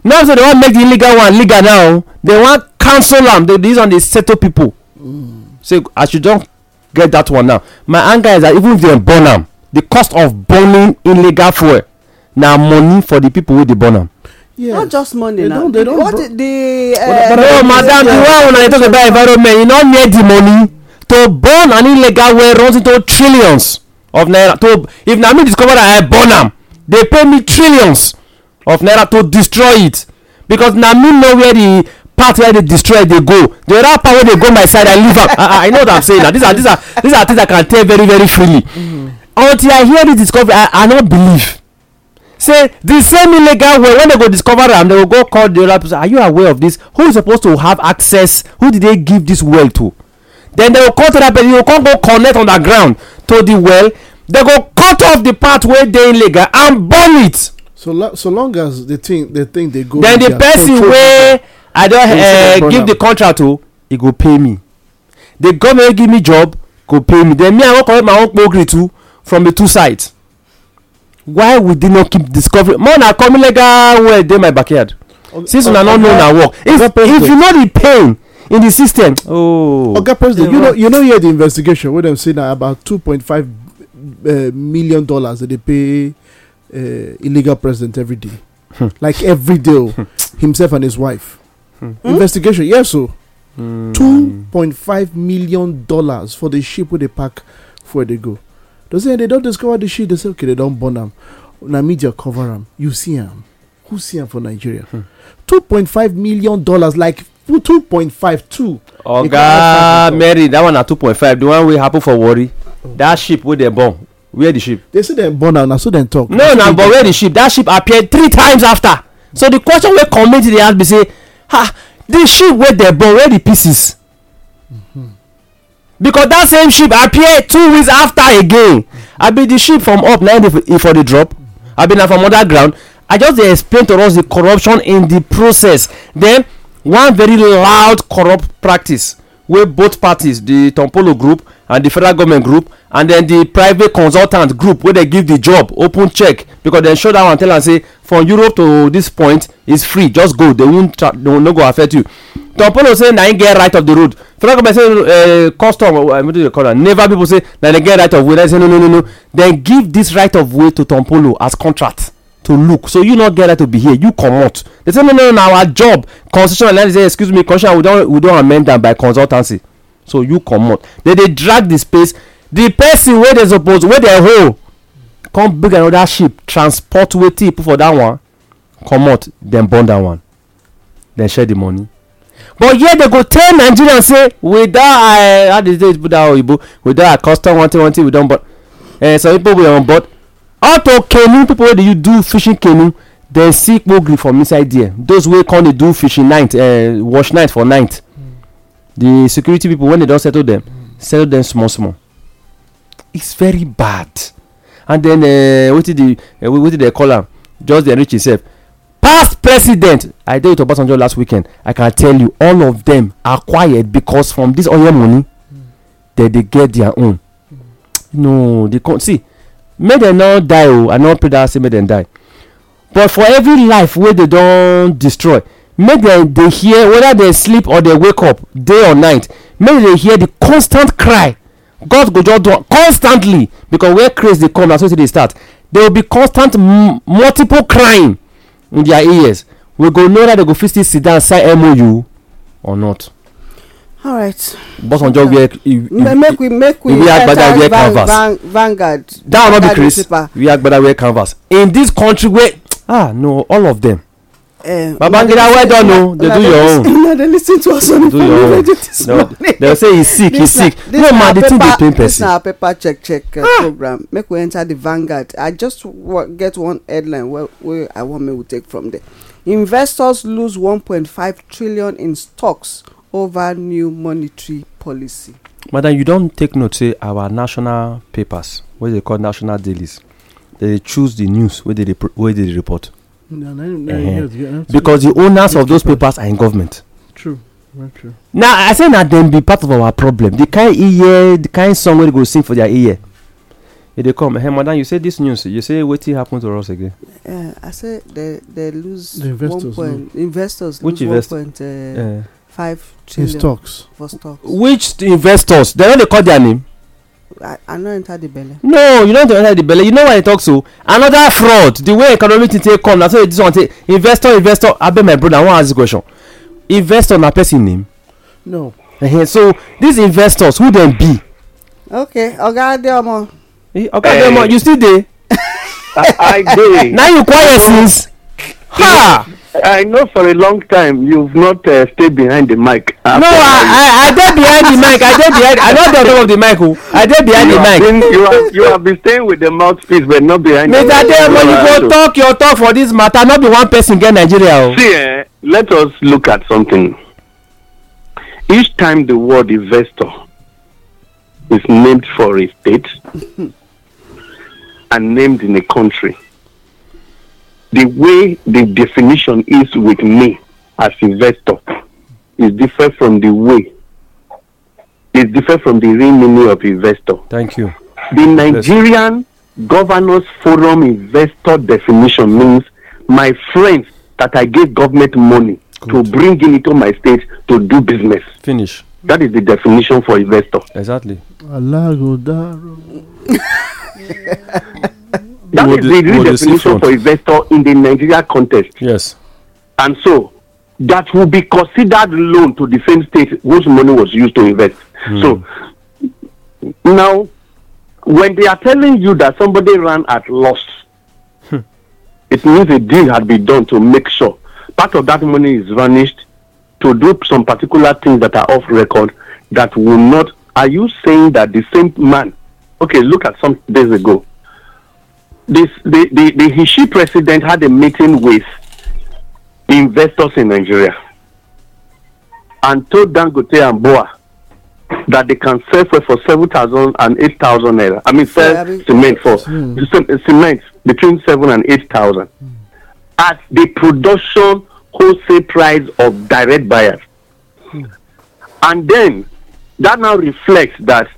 now so they wan make the illegal one legal now they wan cancel am they dey use am dey settle people mm. say so, as you don get that one now my anger is that even if dem burn am the cost of burning illegal fuel na money for the people wey dey burn am. yes not just money na what the. Uh, no madam the way una dey talk about environment e no need the money to burn an illegal well runs into trillions of naira to if na me discover that i burn am dey pay me trillions of naira to destroy it because na me know where the part wey dey destroy dey go the other part wey dey go my side i leave am ah, i ah, i know what i'm saying na these are these are these are things i can tell very very freely mm-hmm. until i hear this discovery i i no believe say the same illegal way when they go discover am they go go call the other person are you aware of this who is supposed to have access who did they give this well to then they go call to that person you go come go connect underground to the well they go cut off the part wey dey illegal and burn it. so so long as the thing the thing dey go. then the person wey i don uh, eh, give the contract o oh, e go pay me the government give me job go pay me then me i wan collect my own kpogri too from the two sides why we dey no keep discovery more na coming legal well dey my backyard since una no know na work if if you know the pain in the system. oh oga president you know you know hear the investigation wey dem say na about two point five eh, million dollars dem dey pay uh, illegal president every day hmm. like every day oh, hmm. himself and his wife Hmm. Investigation, yes, so hmm. two point five million dollars for the ship wey dey park where dey go. They say they don discover the ship, they say okay, they don burn am. Na media cover am. You see am. Who see am for Nigeria? Hmm. Two point five million dollars, like two point five two. Oga Mary, that one na two point five. The one wey happen for Warri, oh. that ship wey dem burn, where the ship? They say dem burn am, na so dem talk. No, na but where the ship? That ship appeared three times after. So the question wey community dey ask be say ah the sheep wey dem born where the pieces mm-hmm. because that same sheep appear two weeks after again I abi the sheep from up now e for dey drop abi na from other ground i just dey explain to us the corruption in the process then one very loud corrupt practice wey both parties the tompolo group and the federal government group and then the private consultant group wey dey give the job open check because dem show that one tell am say from europe to this point is free just go they won't, tra they no go affect you tom polo say na him get right of the road federal government say uh, custom uh, what do they call am naval people say na dem get right of way dem say no no no no dem give this right of way to tom polo as contract to look so you no get right to be here you comot they say no no no na our job They say, excuse me constitutional we don we don amend am by consultancy so you comot dem dey drag the space the person wey dey suppose wey dey hold come bring another ship transport wetin he put for that one comot Then burn that one Then share the money but here they go tell nigerians say without i eh, how dey say put that oyibo without i custom one thing one thing we don burn eh some people wey on board auto canoe people wey dey do fishing canoe dem see kpogri from inside there those wey come dey do fishing night uh, wash night for night the security people when they don't settle them settle them small small it's very bad and then uh, wetin the uh, wetin dey call am just dey enrich himself past president i dey with obasanjo last weekend i can tell you all of them are quiet because from this oil money mm. they dey get their own no they come see make dem no die o oh, i no pray that say make dem die but for every life wey they don destroy make dem dey hear whether dem sleep or dem wake up day or night make dem dey hear the constant cry god go just do am constantly because where craze dey come na so e dey start there will be constant multiple crying in their ears we go know that they go fit still sit down sign mou or not. all right. bọ́sán jọ wear make we make we wear agbada wear canvas vanguard that one no be craze wear agbada wear canvas in this country where ah no all of them Eh, Babangida, well done. No, oh. they do your own. Now they [laughs] listen to us on the phone radio [laughs] this no, morning. They'll say he's sick, he's sick. No, man, the thing they pain person. This na paper check check uh, ah. program. Make we enter the Vanguard. I just get one headline where, where I want me to take from there. Investors lose 1.5 trillion in stocks over new monetary policy. Madam, you don take note say our national papers, wey dey call national dailies, dey choose the news wey dey report because the owners of those papers are in government true true. now i say that them be part of our problem the kind ear the kind song wey go sing for their ear e dey come hey, madam you say this news you say wetin happen to us again eh, i say they they lose one point investors eh, lose eh. one point five trillion stocks for stocks which investors They no call their name I, I no enter the belle. no you no enter the belle you know why i talk so another fraud the way economic thing take come na so this one take investor investor abeg my brother i wan ask you question investor na person name. no. Uh -huh. so these investors who dem be. okay oga adeomo. E, oga adeomo eh. you still dey. i [laughs] dey. Now you quiet since. ha I know for a long time you've not uh, stayed behind the mic. No, I, I, I did behind the mic. I did behind. I know the top of the mic. Oh. I did behind you the mic. Been, you, are, you have been staying with the mouthpiece, but not behind. Mr. Ademo, you go talk your talk for this matter. Not be one person get Nigeria. Oh. See, eh, let us look at something. Each time the word investor is named for a state [laughs] and named in a country the way the definition is with me as investor is different from the way is different from the real meaning of investor. Thank you. The Nigerian yes. Governors Forum investor definition means my friends that I gave government money Good. to bring in into my state to do business. Finish. That is the definition for investor. Exactly. Allah [laughs] That is the definition for investor in the Nigeria context. Yes. And so that will be considered loan to the same state whose money was used to invest. Mm. So now, when they are telling you that somebody ran at loss, hmm. it means a deal had been done to make sure part of that money is vanished to do some particular things that are off record that will not. Are you saying that the same man? Okay, look at some days ago this the, the, the Hishi president had a meeting with investors in Nigeria and told Dangote and Boa that they can sell for, for 7,000 and 8,000 naira. I mean, sell yeah, cement for hmm. cement between 7 and 8,000 hmm. at the production wholesale price of direct buyers. Hmm. And then that now reflects that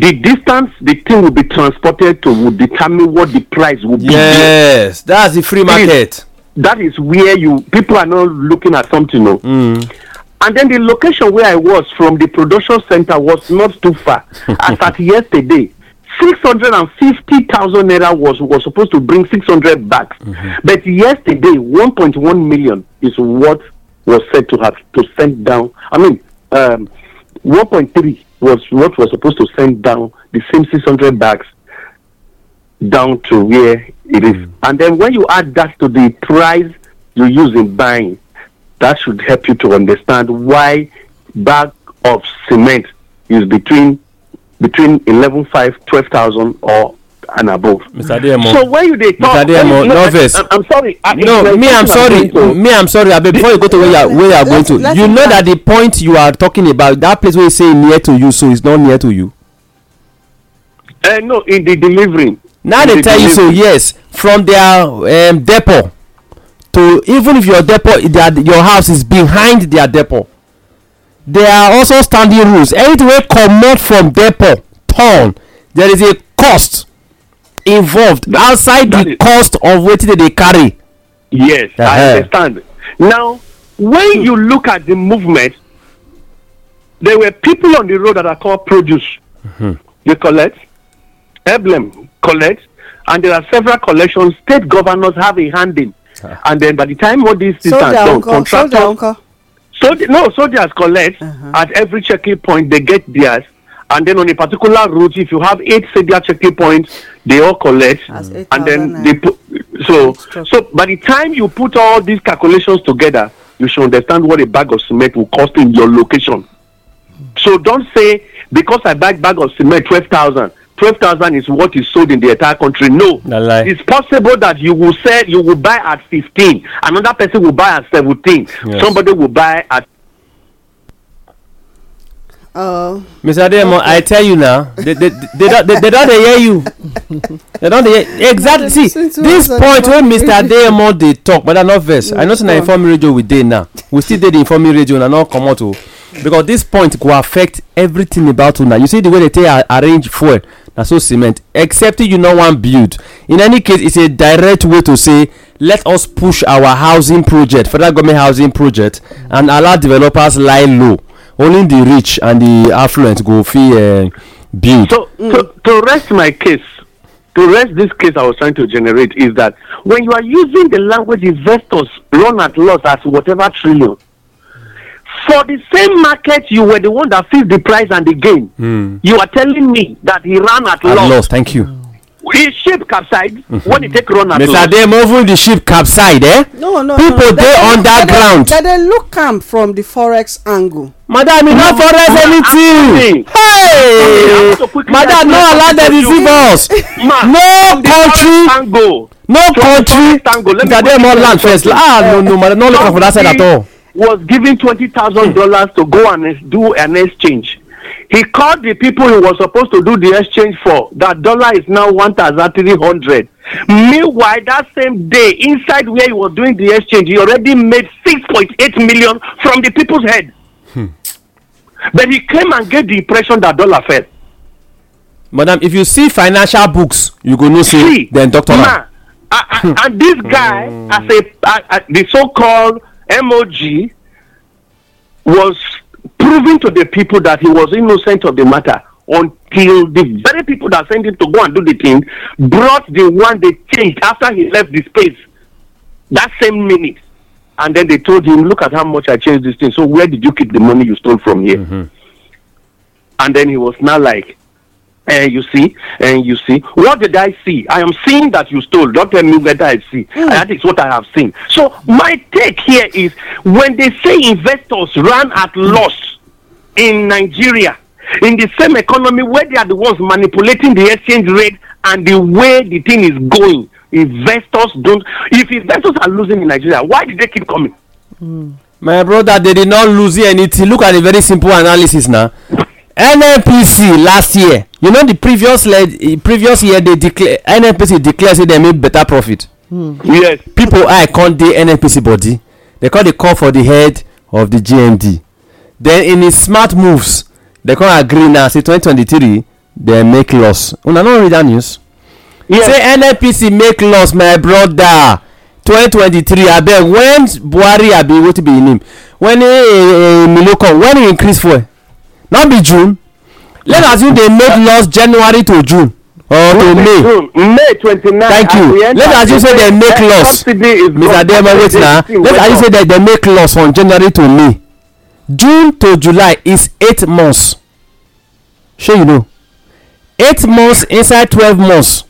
the distance the thing will be transported to will determine what the price will be. Yes, there. that's the free market. That is, where you people are not looking at something. No. Mm. And then the location where I was from the production center was not too far. [laughs] As at yesterday, 650,000 naira was, was supposed to bring 600 bags. Mm-hmm. But yesterday, 1.1 million is what was said to have to send down. I mean, um, 1.3 was what was supposed to send down the same 600 bags down to where it is. Mm. And then when you add that to the price you use in buying, that should help you to understand why bag of cement is between between 11,500, or and above. Mr. Ademo, so when you they talk, Mr. Ademo, no, I, am sorry. I, no, me I'm sorry. To, me I'm sorry. before you go to where you are, where you are going to, you know that the point you are talking about, that place where you say near to you, so it's not near to you. Uh, no, in the delivering. Now they tell delivery. you so. Yes, from their um, depot to even if your depot, their, your house is behind their depot. There are also standing rules. Anywhere come out from depot, town, there is a cost involved outside that the is, cost of what they carry. Yes, uh-huh. I understand. Now, when you look at the movement, there were people on the road that are called produce. Mm-hmm. They collect, emblem collect, and there are several collections. State governors have a hand in. Uh-huh. And then by the time what these things are done, contractors. So, no, soldiers collect uh-huh. at every checking point, they get theirs and then on a particular route, if you have eight Sabia checkpoints, points, they all collect, mm. and then they eh? put. So, so by the time you put all these calculations together, you should understand what a bag of cement will cost in your location. So don't say because I buy bag of cement twelve thousand. Twelve thousand is what is sold in the entire country. No, it's possible that you will sell, you will buy at fifteen. Another person will buy at seventeen. Yes. Somebody will buy at Oh. Mr. Ademo, okay. I tell you now, they, they, they, don't, they, they don't hear you. they don't hear exactly. See, this point when Mr. Ademo they talk, but I'm not vex. I know say na inform radio we day now. We still did the inform radio na not come out o. Oh. Because this point will affect everything about now. You see the way they take arrange fuel, na so cement. Except you know one build. In any case, it's a direct way to say let us push our housing project, federal government housing project, and allow developers lie low only the rich and the affluent go fit uh, build. so mm, to, to rest my case to rest this case I was trying to generate is that when you are using the language investors run at loss as whatever trillion for the same market you were the one that fixed the price and the gain mm. you are telling me that he ran at, at loss. loss thank you Mhm. the ship capside when e take run am. mr dem even the ship capside eh. no no people dey underground. dem dey look am from the forex angle. madam e no forex anything hey madam no allow dem deceive us no country no country mr dem all land first ah no no madam no look am for that side at all. was giving twenty thousand dollars to go and do an exchange he called the people he was supposed to do the exchange for that dollar is now one thousand three hundred meanwhile that same day inside where he was doing the exchange he already made six point eight million from the people's head hmm. but he came and get the impression that dollar fell. madam if you see financial books you go know say dem doctor am. and this guy [laughs] as a uh, uh, the so-called mog was proving to the people that he was innocent of the matter until the very people that sent him to go and do the thing brought the one they changed after he left the space that same minute. And then they told him, Look at how much I changed this thing. So, where did you keep the money you stole from here? Mm-hmm. And then he was now like, Uh, you see, and uh, eh, you see, what did I see? I am seeing that you stole. Don't tell me what I see. Mm. That is what I have seen. So my take here is when they say investors run at loss in Nigeria, in the same economy where they are the ones manipulating the exchange rate and the way the thing is going, investors don't. If investors are losing in Nigeria, why did they keep coming? Mm. My brother, they did not lose anything. Look at a very simple analysis now nnpc last year you know the previous le previous year they declare nnpc declare say dem make better profit. Mm. yes people eye come dey nnpc body they come dey call for the head of the gmd then in his smart moves they come agree now say 2023 dem make loss una oh, no read that news. yes say nnpc make loss my brother 2023 abeg when buhari abi wetin be im name when emilio eh, eh, eh, come when e increase fuel no be june let's assume they make loss january to june or to may may twenty-nine thank you let's assume say they make loss mr adeyemo wait na let's assume say they they make loss from january to may june to july is eight months shey you know eight months inside twelve months.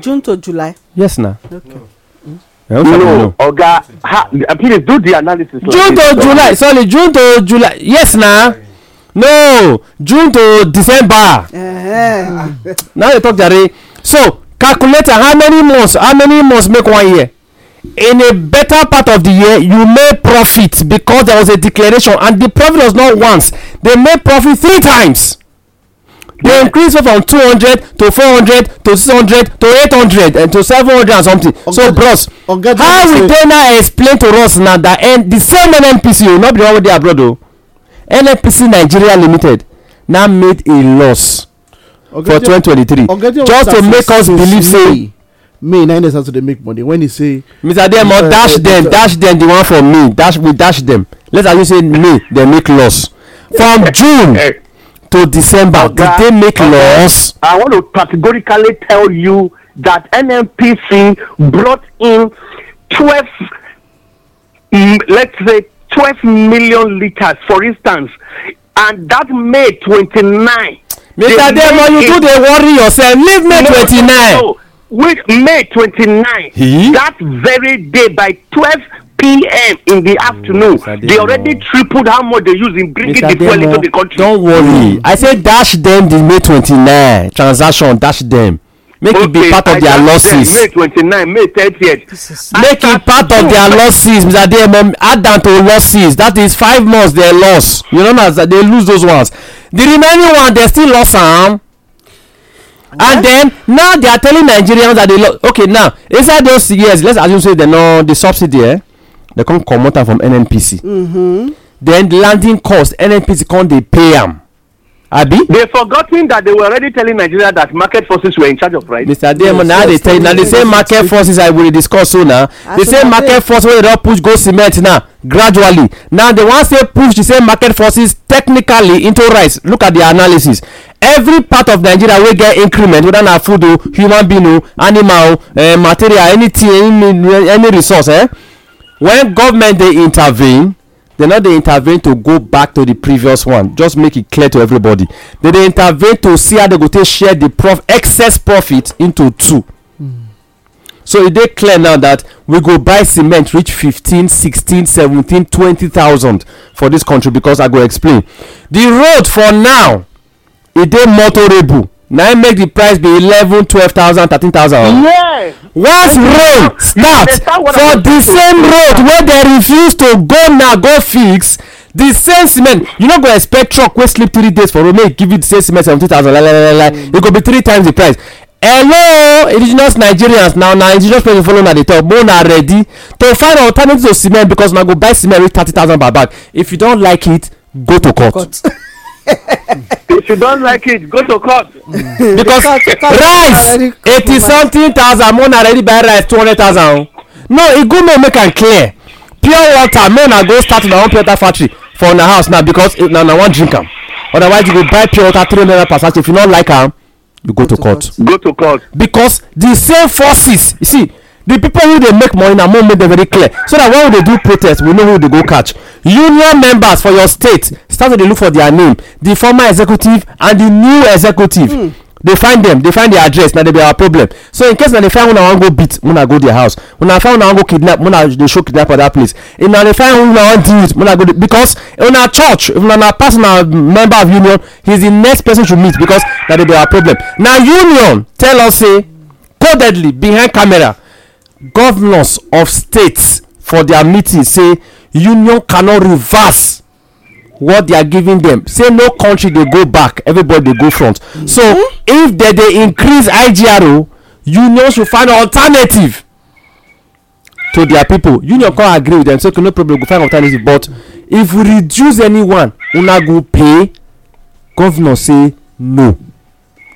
june to july. yes na. okay. No no oga please do the analysis. june to july sorry june to july yes na no june to december now you talk jare so calculate how many months how many months make one year in a better part of the year you made profit because there was a declaration and the profit was not once they made profit three times they increase from 200 to 400 to 600 to 800 and to 700 and something okay. so bros okay. how will they now explain to us now that and the same nnpc will not be the one wey dey abroad o oh. nnpc nigeria limited now made a loss okay. for 2023. twenty three just to make us believe say me nine nsr after they make money when he say. mr ademo uh, dash uh, dem uh, dash dem the one for me dash we dash dem let's assume say me dey make loss from eh, eh, june eh, to december did they make okay. laws. i want to categorically tell you that nnpc brought in twelve mm, let's say twelve million litres for instance and that may twenty-nine. mr demo you do dey worry yourself leave may twenty-nine. No, no, with may twenty-nine. that very day by twelve p.m. in the mm, afternoon. Mm, they already tripled how much they use in bringing Mr. the fuel into the country. Don't worry. I said dash them the May 29 transaction, dash them. Make okay, it be part of I their losses. May 29, May 30th. Make it part of their losses, Mr. DMM. Add that to losses. That is five months they lost. You know, they lose those ones. The remaining one, they still lost some. Um, and then now they are telling nigerians that they lost okay now inside those years let's assume say they no the subsidy eh dem come comot am from nnpc then landing cost nnpc come dey pay am abi. they forgotten that they were already telling nigeria that market forces were in charge of price. mr adeomo na now they tell you na the same market forces i will dey discuss so na ah. the same market forces wey dey don push go cement now gradually now they want to push the same market forces technically into rice look at the analysis every part of nigeria will get increment whether na food o human being o animal o uh, material anything any, any resource eh, when government dey intervene dem no dey intervene to go back to the previous one just make e clear to everybody dem dey intervene to see how dem go take share the prof excess profit into two so e dey clear now that we go buy cement reach fifteen sixteen seventeen twenty thousand for this country because i go explain the road for now e dey motorable na im make the price be eleven twelve thousand thirteen thousand. yes once road? start for the same road wey dey refuse to go now go fix the same cement you no go expect truck wey sleep three days for road make e give you the same cement seventeen thousand la la la la e go be three times the price hello indigenous nigerians now na indigenous people follow una dey talk but una ready to find alternative to cement because una go buy cement reach thirty thousand per bag if you don like it go to court. court. [laughs] if you don't like it go to court. Mm. because rice eighty something thousand mo na already buy rice two hundred thousand no e good make make am clear pure water may una go start una own pure water factory for una house now because una una wan drink am otherwise you go buy pure water three hundred per sachet if you no like am you go, go to, to court. court. go to court. because the same forces you see the people who dey make money na more make dem very clear so that when we dey do protest we know who dey go catch union members for your state start to dey look for their name the former executive and the new executive mm. find them, dey find their address na dey be our problem so in case na dey find una wan go beat una go their house una find una wan go kidnap una dey show kidnap for that place if na dey find una wan deal with una go dey because una church if una na pass una member of union he is the next person to meet because na dey be our problem na union tell us say codedly behind camera governors of states for their meeting say union cannot reverse what they are giving them say no country dey go back everybody dey go front mm -hmm. so mm-hmm. if they dey increase igro union should find alternative to their people union come agree with them say so okay no problem we go find alternative but if we reduce anyone una go pay governor say no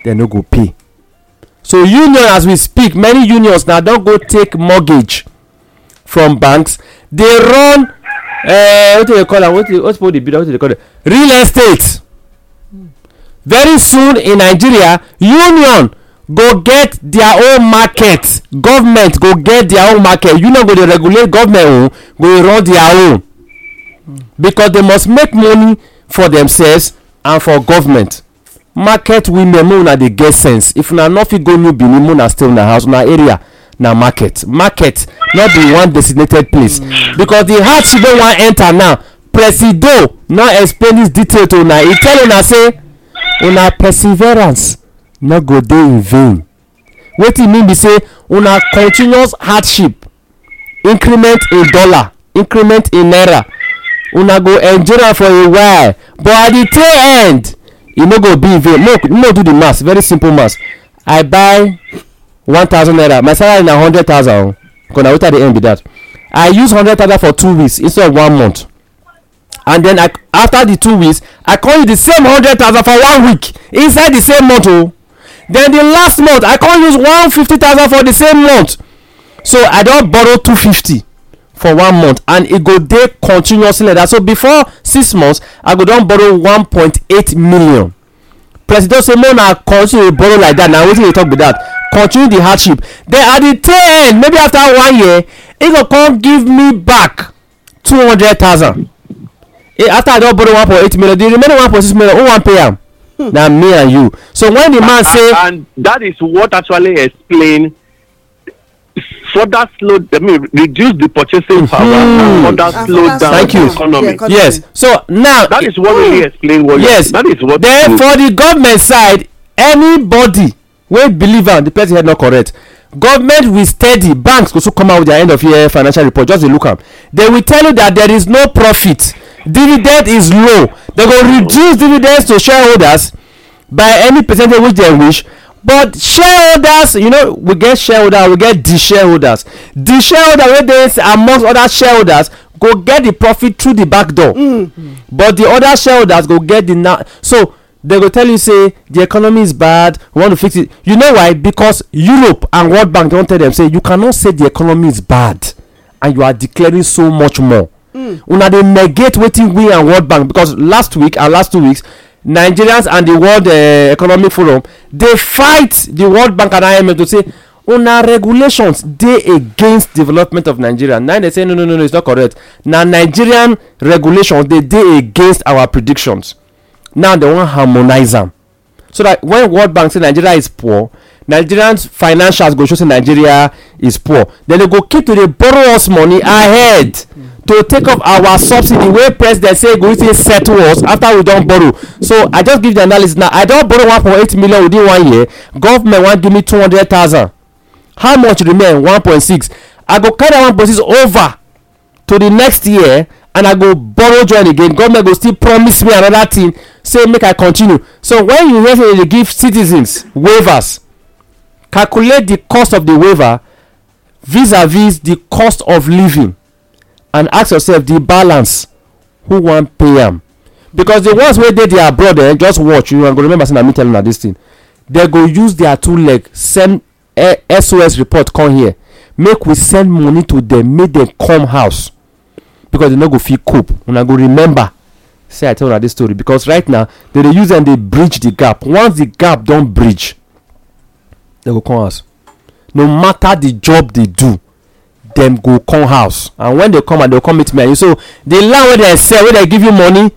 they no go pay so union as we speak many unions now don go take mortgage from banks dey run uh, eh, wetin dey call am wetin wetin people dey build am wetin dey call am real estate very soon in nigeria union go get their own market government go get their own market union go dey regulate government own go dey run their own because they must make money for themselves and for government market women make una dey get sense if una no fit go new benin make una stay una house una area na market market no be one designated place mm. because the house she don wan enter now presido no explain this detail to una e tell una say una perseverance no go dey in vain wetin mean be say una continuous hardship increment in dollar increment in naira una go enjoy am for a while but at the tail end e no go be in vain make no do the math very simple math i buy one thousand naira my salary na hundred thousand o because na wetin i dey earn be that i use hundred thousand for two weeks instead of one month and then I, after the two weeks i come use the same hundred thousand for one week inside the same month o oh. then the last month i come use one fifty thousand for the same month so i don borrow two fifty for one month and e go dey continuously like that so before six months i go don borrow one point eight million president say make una continue dey borrow like that na wetin dey talk be that continue the hardship then at the tail end maybe after one year e go come give me back two hundred thousand after i don borrow one point eight million the remaining one point six million who wan pay am hmm. na me and you so when the man say. and that is what actually explain further slow I mean reduce the purchasing power mm. and further ah, slow down Thank you. Economy. economy. Yes. So now that is what really explain what yes. that is what then for the government side anybody wey believe am the person head not correct government will steady banks go so come out with their end of year financial report just dey look am they will tell you that there is no profit dividend is low they go reduce dividends to shareholders by any percentage which they wish but shareholders you know we get shareholder we get the shareholders the shareholder wey dey amongst other shareholders go get the profit through the back door mm. but the other shareholders go get the na so they go tell you say the economy is bad we want to fix it you know why because europe and world bank don tell them say you cannot say the economy is bad and you are declaring so much more mm. una dey negate wetin we and world bank because last week and last two weeks nigerians and the world uh, economic forum dey fight the world bank and imf to say una regulations dey against development of nigeria Now they say no no no no it's not correct na nigerian regulations dey dey against our predictions now they wan harmonize am so that when world bank say nigeria is poor Nigerians' financials go show say nigeria is poor then they go keep to dey borrow us money ahead. Mm -hmm to take up our subsidy wey president say go still settle us after we don borrow so i just give the analysis now i don borrow one point eight million within one year government wan give me two hundred thousand how much remain one point six i go carry one point six over to the next year and i go borrow join again government go still promise me another thing say make i continue so when you hear say they dey give citizens waivers calculate the cost of the waiver vis-a-vis the cost of living and ask yourself the balance who wan pay am because the ones wey dey there abroad eh just watch you go remember say na me tell una this thing they go use their two leg send sos eh, report come here make we send money to them. make them come house because dem no go fit cope una go remember say i tell una this story because right now dem dey use dem dey bridge the gap once the gap don bridge they go come house no matter the job they do dem go come house and when they come and they come meet me and you so the land wey dem sell wey dem give you money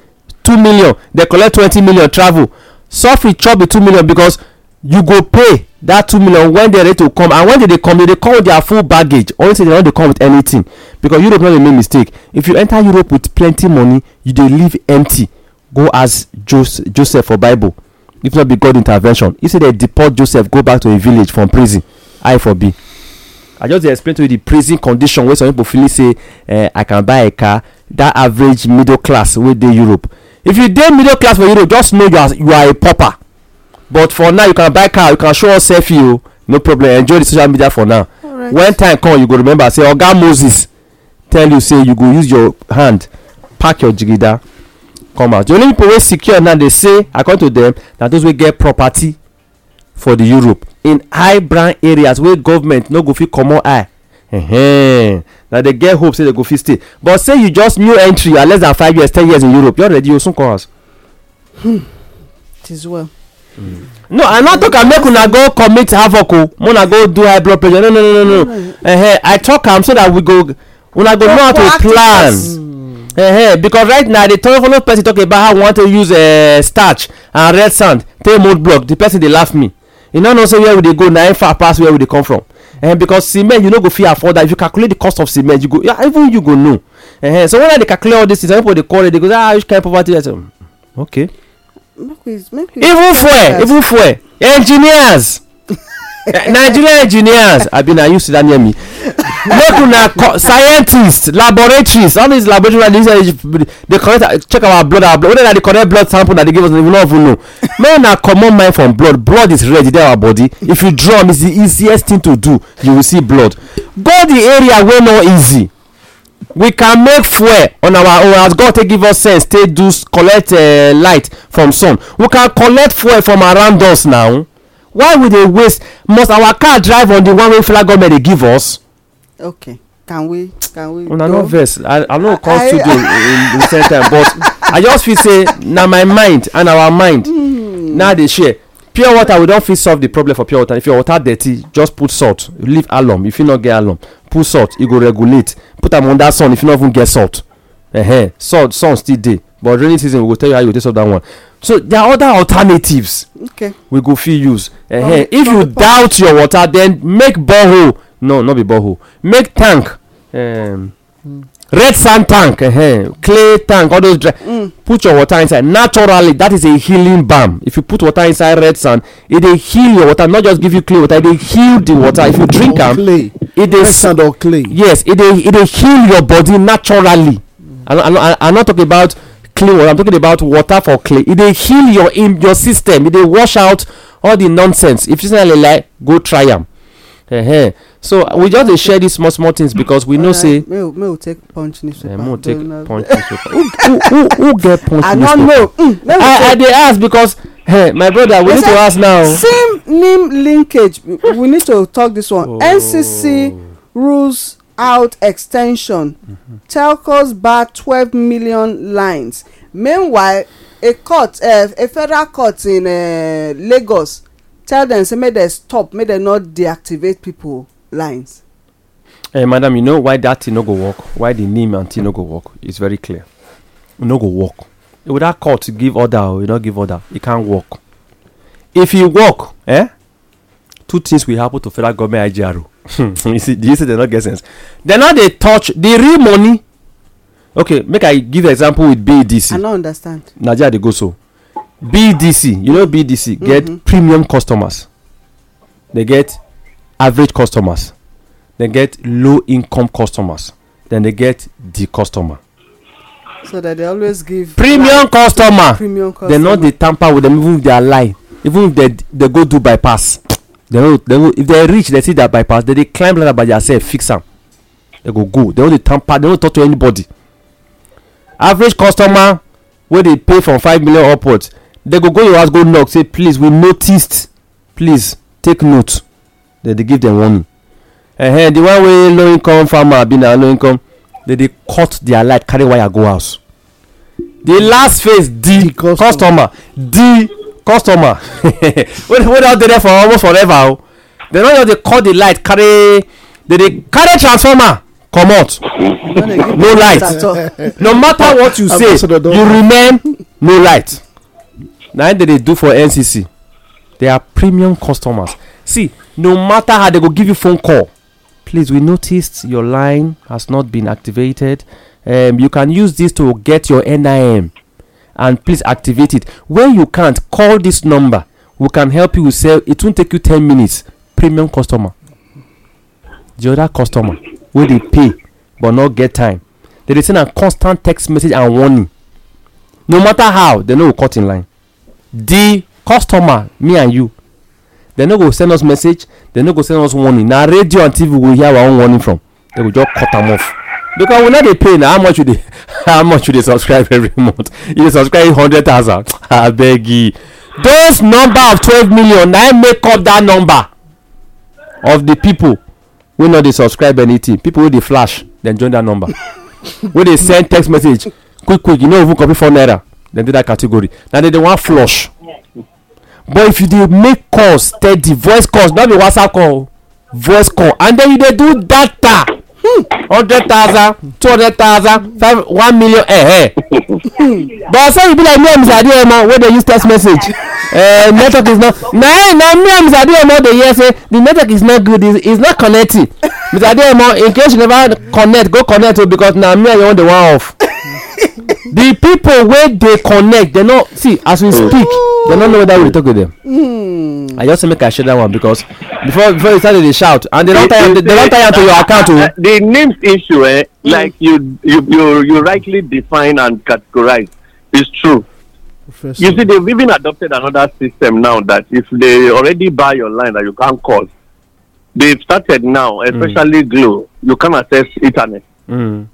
two million dem collect twenty million travel suffer chop the two million because you go pay that two million when they ready to come and when they dey come they dey come with their full baggage only say they no dey come with anything because europe no dey make mistake if you enter europe with plenty money you dey leave empty go ask joseph, joseph for bible if not be god intervention he say they deport joseph go back to him village from prison i for be i just dey explain to you the prison condition wey some people feel say uh, i can buy a car that average middle class wey dey europe if you dey middle class for europe just know you are you are a pauper but for now you can buy car you can show off selfie You oh. no problem enjoy the social media for now right. when time come you go remember say oga moses tell you say you go use your hand pack your jigida come out the only people wey secure now dey say according to them na those wey get property for the europe in high brand areas wey government no go fit comot eye na dey get hope say dey go fit stay but say you just new entry you are less than five years ten years in europe you already you soon come house. hmm it is well. no i no talk am make una go commit havoc oh. o make una go do high blood pressure no no no no no uh-huh. i talk am so that we go una go know how to plan uh-huh. because right now the telephone person talk about how we want to use uh, starch and red sand take mold block the person dey laugh me you no know say where we dey go na far pass where we dey come from um, because cement you no go fit afford that if you calculate the cost of cement you go yeah. even you go know uh, so when i dey calculate all these things some people dey call it dey go say ah which kind of poverty i say okay even fuel even fuel engineers nigeria engineers abi na you sit down near me make una scientists laboratories all these laboratories dey collect, uh, check our blood our blood whether na the correct blood sample na they give us we no even know make una comot mind from blood blood is red e dey our body if you draw am it's the easiest thing to do you will see blood go the area wey no easy we can make fuel on our own as god take give us sense take do collect uh, light from sun we can collect fuel from around us now why we dey waste must our car drive on the one wey federal government dey give us. okay can we can we. una no vex i i no come studio in the same time but i just feel say na my mind and our mind mm. na dey share pure water we don fit solve the problem for pure water if your water dirty just put salt leave alum if you no get alum put salt e go regulate put am under sun if you no even get salt uh -huh. salt sun still dey but rainy season we go tell you how you go take solve that one so there are other alternatives okay we go fit use uh -huh. if you doubt your water then make borehole no no be borehole make tank um, mm. red sand tank uh -huh. clay tank all those dry mm. put your water inside naturally that is a healing balm if you put water inside red sand e dey heal your water not just give you clean water e dey heal the water if you drink am e dey red sand or clay yes e dey e dey heal your body naturally mm. i i no i no talk about clean water i'm talking about water for clean. e dey heal your im your system e dey wash out all the nonsense if you say lie go try them. uh-huh. so we just dey share these small small things because we know say may we take punch newspaper eh, may we take punch [laughs] newspaper who who who get punch newspaper i don't know mm, i i dey ask because hey, eh, my brother we need to ask now same name linkage we need to talk this one oh. ncc rules out extension. Mm-hmm. Telcos bar 12 million lines. Meanwhile, a court, uh, a federal court in uh, Lagos, tell them say make they stop, make they not deactivate people lines. Hey, eh, madam, you know why that thing no go work? Why the name and thing no go work? It's very clear. E no go work. Without court give order or you not give order? It e can't work. If you e work, eh? Two things will happen to federal government IGRO. Hmm. [laughs] you see you see they not get sense they no dey touch the real money okay make i give example with bdc i no understand nigeria dey go so bdc you know bdc get mm -hmm. premium customers they get average customers they get low income customers then they get the customer so that they always give premium customer premium customer they no dey tamper with them even if they are lie even if they they go do bypass They no dem no if they reach they see that bypass They dey climb ladder by theirself fix am They go go They no dey tamper They no talk to anybody average customer wey dey pay from five million upwards they go go your house go knock say please we noticed please take note They dey give them warning uh-huh, the one wey low income farmer be na low income they dey cut their light carry wire go house the last phase the, the customer. customer the customer wey don dey there for almost forever o dem no just dey cut the light carry dey dey carry transformer comot [laughs] no light no matter what you say you remain no light na im dem dey do for ncc they are premium customers see no matter how they go give you phone call please we noticed your line has not been activated um, you can use this to get your nim and please activate it when you can't call this number we can help you sell it won't take you ten minutes premium customer the other customer wey dey pay but not get time they dey send am constant text message and warning no matter how they no go cut in line the customer me and you they no go send us message they no go send us warning na radio and tv we hear our own warning from they go just cut am off because we no dey pay na how much you dey [laughs] how much you dey subscribe every month you dey subscribe hundred thousand abeg [laughs] those number of twelve million na make up that number of the people wey no dey subscribe anything people wey dey flash dem join that number [laughs] wey dey send text message quick quick you no even copy four naira dem dey that category na dem dey wan flush but if you dey make calls steady voice calls no be whatsapp call voice call and then you dey do data hundred thousand two hundred thousand five one million eh, eh. [laughs] but say e be like me and mr adeomo wey dey use text message uh, [laughs] network is not na na me and mr adeomo dey hear say the network is not good It is not connecting [laughs] mr adeomo in case you never connect go connect o oh, because na me and you wan dey one off. the people wey dey connect they no see as we mm. speak dem no know whether we dey talk with dem hmm. i just say make i share that one because before before you start to dey shout and they don tie am to your account o. Oh. the names issue eh hmm. like you you you you rightly define and categorize is true you see they've even adopted another system now that if they already buy your line that you can't call they've started now hmm. especially glo you can access internet Mm.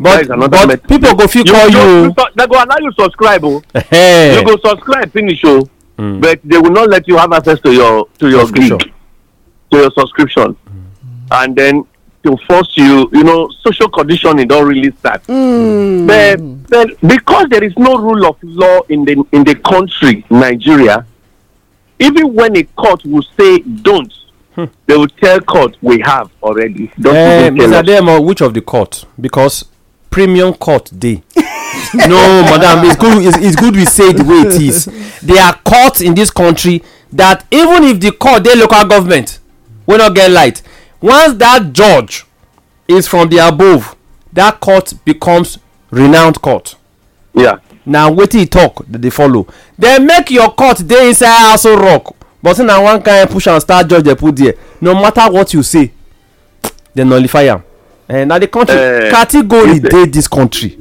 but but method. people go fit call you. you they go allow you subscribe o. Oh. you go subscribe finish o. Oh, mm. but they will not let you have access to your to your gig to your subscription mm. and then to force you you know social conditioning don really start. Mm. but but because there is no rule of law in the in the country Nigeria even when a court will say don't they will tell court we have already. Don't uh, Mr. Demo, which of the court? Because premium court day. [laughs] no, madam, it's good. It's, it's, good we say the way it is. There are courts in this country that even if the court, their local government, will not get light. Once that judge is from the above, that court becomes renowned court. Yeah. Now wait till talk they follow. Then make your court day inside also Rock but say na one kind push and start judge dey put there no matter what you say dem nullify am eh, na the country uh, category dey this country.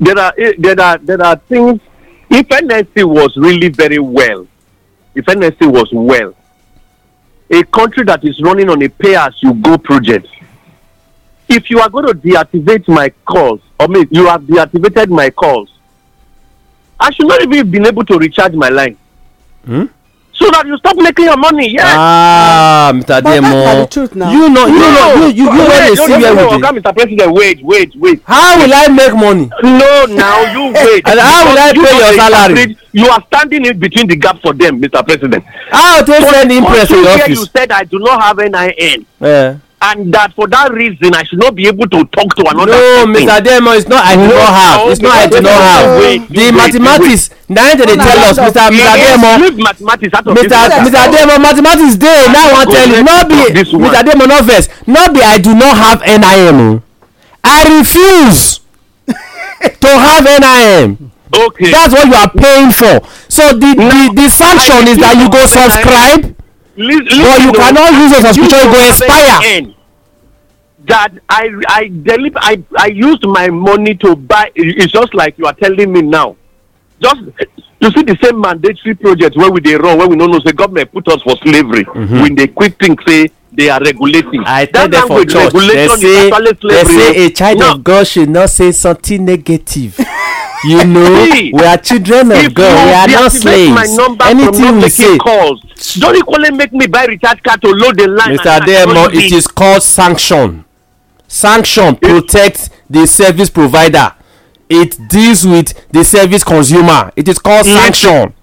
there are eh, there are there are things if nsa was really very well if nsa was well a country that is running on a pay as you go project if you are going to deactivate my calls or I mean you have deactivated my calls i should not even been able to recharge my line. Hmm? so that you stop making your money. Yes. Ah, Mr. Ademo. You know, you no, know, you you, you wait, see where we dey. President, wait, wait, wait. How will I make money? No, now you [laughs] wait. and how will I pay your salary? You are standing in between the gap for them, Mr. President. How to so send impress in office? You said I do not have NIN. Yeah and that for that reason I should not be able to talk to another no, person. No, Mr. Demo, it's not I do not have. it's not I do not have. the mathematics na it dey tell us Mr. Mr. Demo. Mr. Mr. Demo mathematics dey Now, I wan tell you no be Mr. Demo no vex no be I do not have NIM I refuse to have NIM. Okay. That's what you are paying for. So the no, the the sanction is that you go subscribe but you cannot use it as spiritual go expire. that I I deliver I I used my money to buy. It's just like you are telling me now. Just you see the same mandatory project where we they run where we no know say government put us for slavery. Mm -hmm. we dey quick think say they are regulating. i tell them for church they say they say a child no. of God should not say something negative. [laughs] you [laughs] know See, we are children of god we are not slaves anything we say calls. don't equally make me buy recharge card to load the line mr adeyemo it is called sanction sanction it, protects the service provider it deals with the service consumer it is called it, sanction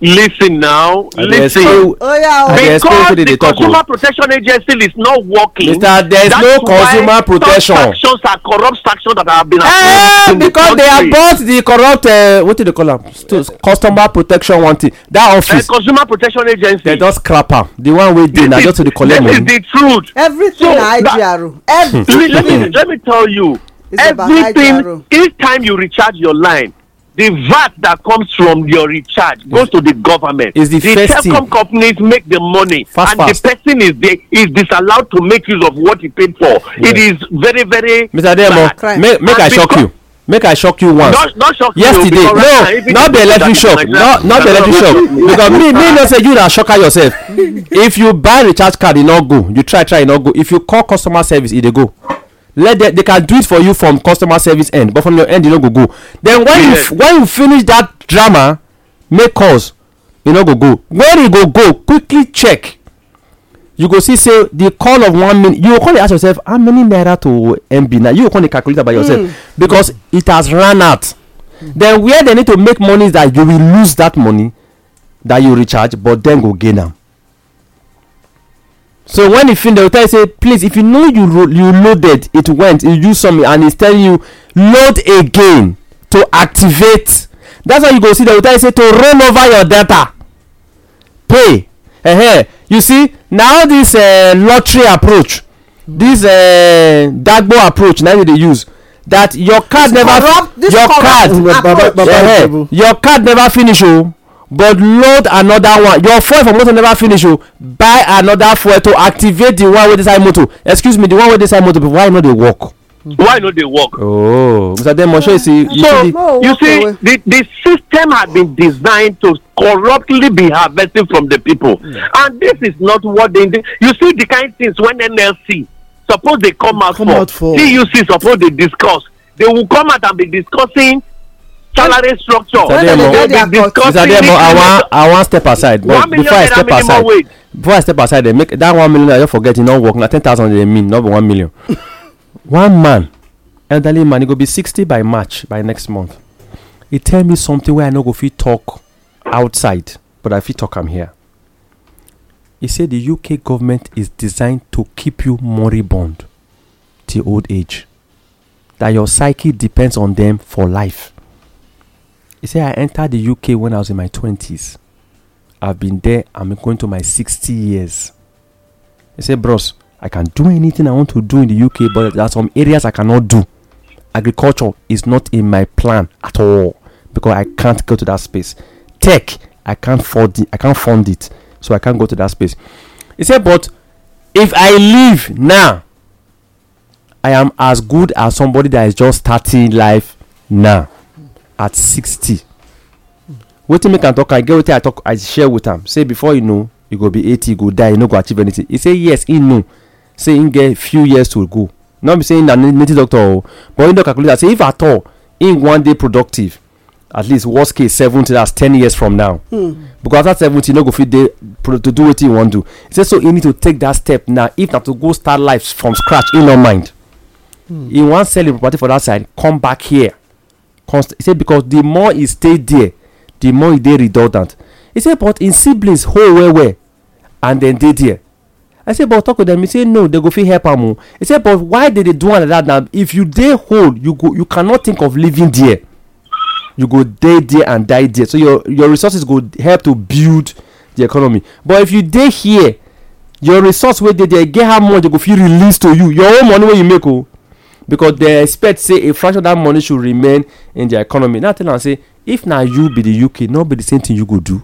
listen now listen oh, yeah, oh. because the consumer protection agency is not working Mr. there's no consumer protection such actions are corrupt actions that have been eh, because the they have bought the corrupt uh, what do they call them? customer protection one thing that eh, office uh, consumer protection agency they just crap am the one we dey na just to the collect money this is the truth everything so na igr everything let me let me tell you it's everything each time you recharge your line the VAT that comes from your recharge goes to the government. Is the, the telecom companies make the money, fast, and fast. the person is the, is disallowed to make use of what he paid for. Yeah. It is very very. Mr. Ademo, make, make I shock you. make i shock you once not, not yesterday you no not be electric shock like not not be electric shock [laughs] because me me know say you na shocker yourself [laughs] if you buy recharge card e no go you try try e no go if you call customer service e dey go let them they can do it for you from customer service end but from your end you no go go then when yes. you when you finish that drama make calls you no go go when you go go quickly check you go see say the call of one minute you go come dey ask yourself how many naira to mb na you go come dey calculate by yourself mm. because it has run out mm. then where they need to make money is that you will lose that money that you recharge but then go gain am so when he finish the hotel, say please if you know you you loaded it went you use something, and he's telling you load again to activate that's why you go see the hotel. say to roll over your data pay uh -huh. you see now this uh, lottery approach this uh, dagbo approach na dey use that your card this never corrupt, your card uh -huh. your card never finish o. Oh but load another one your fuel for motor never finish o oh. buy another fuel to activate the one wey dey side motor excuse me the one wey dey side motor why e no dey work. why no dey work. oh mr demoshe you see. You see, no, you see the the system had been designed to corruptly be harvesting from the people yeah. Hmm. and this is not what they do you see the kind things when nlc suppose dey come out come for tuc suppose dey discuss they will come out and be discussing salary structure. Sademo, Sademo, I want, I want step aside. But before I step aside, wage. before I step aside, they make that one million. I just forget. You not work. Now ten thousand they mean not one million. [laughs] one man, elderly man, he go be sixty by March by next month. He tell me something where I no go fit talk outside, but I fit talk am here. He said the UK government is designed to keep you moribund till old age. That your psyche depends on them for life. He said, I entered the UK when I was in my 20s. I've been there, I'm going to my 60 years. He said, Bros, I can do anything I want to do in the UK, but there are some areas I cannot do. Agriculture is not in my plan at all because I can't go to that space. Tech, I can't fund it, I can't fund it, so I can't go to that space. He said, But if I leave now, I am as good as somebody that is just starting life now. at sixty, wetin make am talk am get wetin i talk i share with am say before you know you go be eighty, you go die you no go achieve anything he say yes he know say he get few years to go not be say na native doctor o but he don calculate am say if at all he wan dey productive at least worst case seventy that's ten years from now mm. because after seventy you no go fit dey to do wetin you wan do he say so he need to take that step now if na to go start life from scratch he no mind mm. he wan sell him property for that side come back here const he say because the more he stay there the more he dey redundant he say but im siblings hold well well and dem dey there i say but talk to dem he say no dem go fit help am o he say but why dem dey do am like that now? if you dey hold, you go you cannot think of living there you go dey there and die there so your your resources go help to build the economy but if you dey here your resource wey dey there get how much dem go fit release to you your own money wey you make o because dem expect say a fraction of that money should remain in their economy now i tell am say if na you be the uk no be the same thing you go do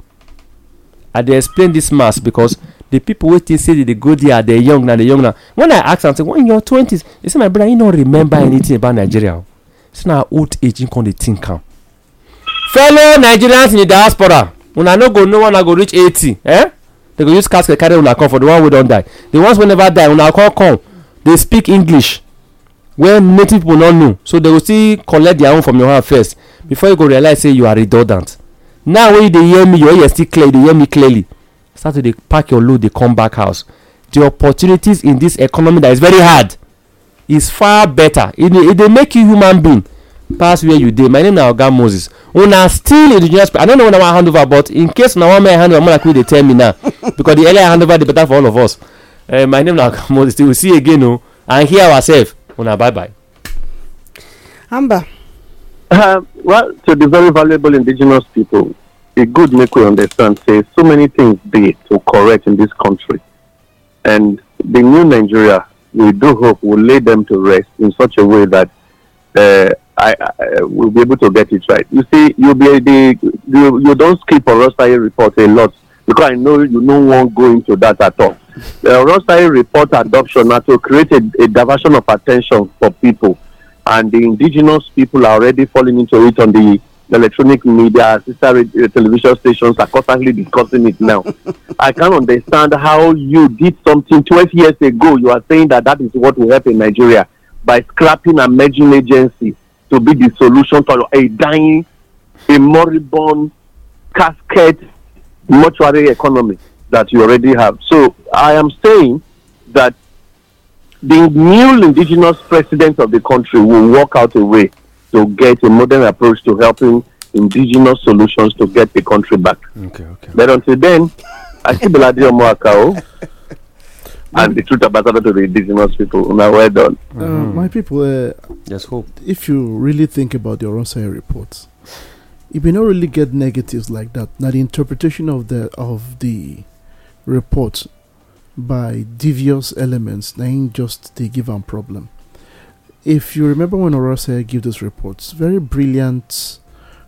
i dey explain this mass because the people wey think say they dey go there they young na they young na when i ask am say when your twenties he say my brother you no remember anything about nigeria o say na old age him come dey think am. fellow nigerians in the diaspora una no go know when una go reach eighty eh they go use casket carry una come for the one wey don die the ones wey never die una come come dey speak english where native people no know so they go still collect their own from your hand first before you go realize say you are redundant now when you dey hear me your ear still clear you dey hear me clearly start to dey pack your load dey come back house the opportunities in this economy that is very hard is far better e dey e dey make you human being pass where you dey my name na oga moses una still indigenous. i don't know when i wan hand over but in case una wan make i hand over more like wey dey tell me now [laughs] because the earlier i hand over the better for all of us uh, my name na oga moses till we see again o oh. and hear ourselves. Una bye bye. Amber. Uh, well, to the very valuable indigenous people, it good make we understand, say, so many things be to correct in this country. And the new Nigeria, we do hope, will lay them to rest in such a way that uh, I, I, will be able to get it right. You see, you be the, you, you don't skip or Rosary report a lot because I know you don't want to go into that at all. the Rosary report adoption now to create a, a, diversion of attention for people, and the indigenous people are already falling into it on the electronic media, sister radio, uh, television stations are constantly discussing it now. [laughs] I can't understand how you did something 12 years ago. You are saying that that is what will help in Nigeria by scrapping a merging agency to be the solution to a dying, a moribund, casket, mortuary economy that you already have. So I am saying that the new indigenous president of the country will work out a way to get a modern approach to helping indigenous solutions to get the country back. Okay, okay. But until then, I see Beladio Omoakao oh, [laughs] and the truth about that to the indigenous people. Now, well done. Mm. my people, uh, there's hope. If you really think about the Oronsai reports, if you don't really get negatives like that, now the interpretation of the of the report by devious elements na just the given problem if you remember when orose gave those reports very brilliant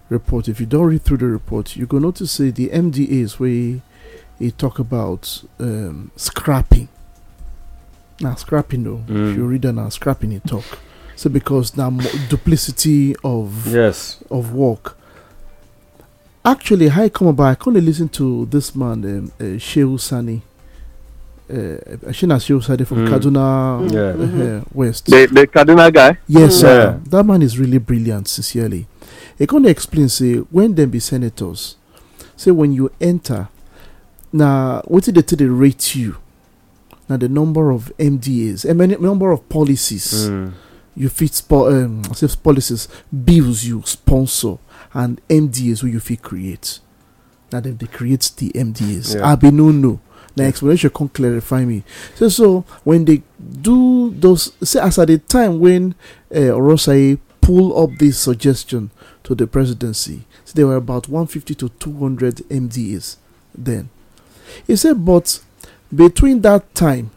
report if you don't read through the report you are going notice say the mdas wey he talk about um, scrapping Now scrapping though, mm. if you read am now, scrapping it talk so because now duplicity of yes of work actually how come about i come dey listen to this man um, uh, shehu sani uh, Shina Sade uh, from mm. Kaduna yeah. Uh, mm-hmm. Uh, West. The, the Kaduna guy? Yes, sir. Yeah. That man is really brilliant, sincerely. He can explain. say, when them be senators, say, when you enter, now, what did they, they rate you? Now, the number of MDAs, and eh, many, number of policies mm. you fit, spo- um, policies, bills you sponsor, and MDAs who you fit create. Now, then they create the MDAs. Yeah. no. Now, explanation can't clarify me. So, so when they do those, say as at the time when uh, Orosai pull up this suggestion to the presidency, so there were about 150 to 200 MDAs then. He said, but between that time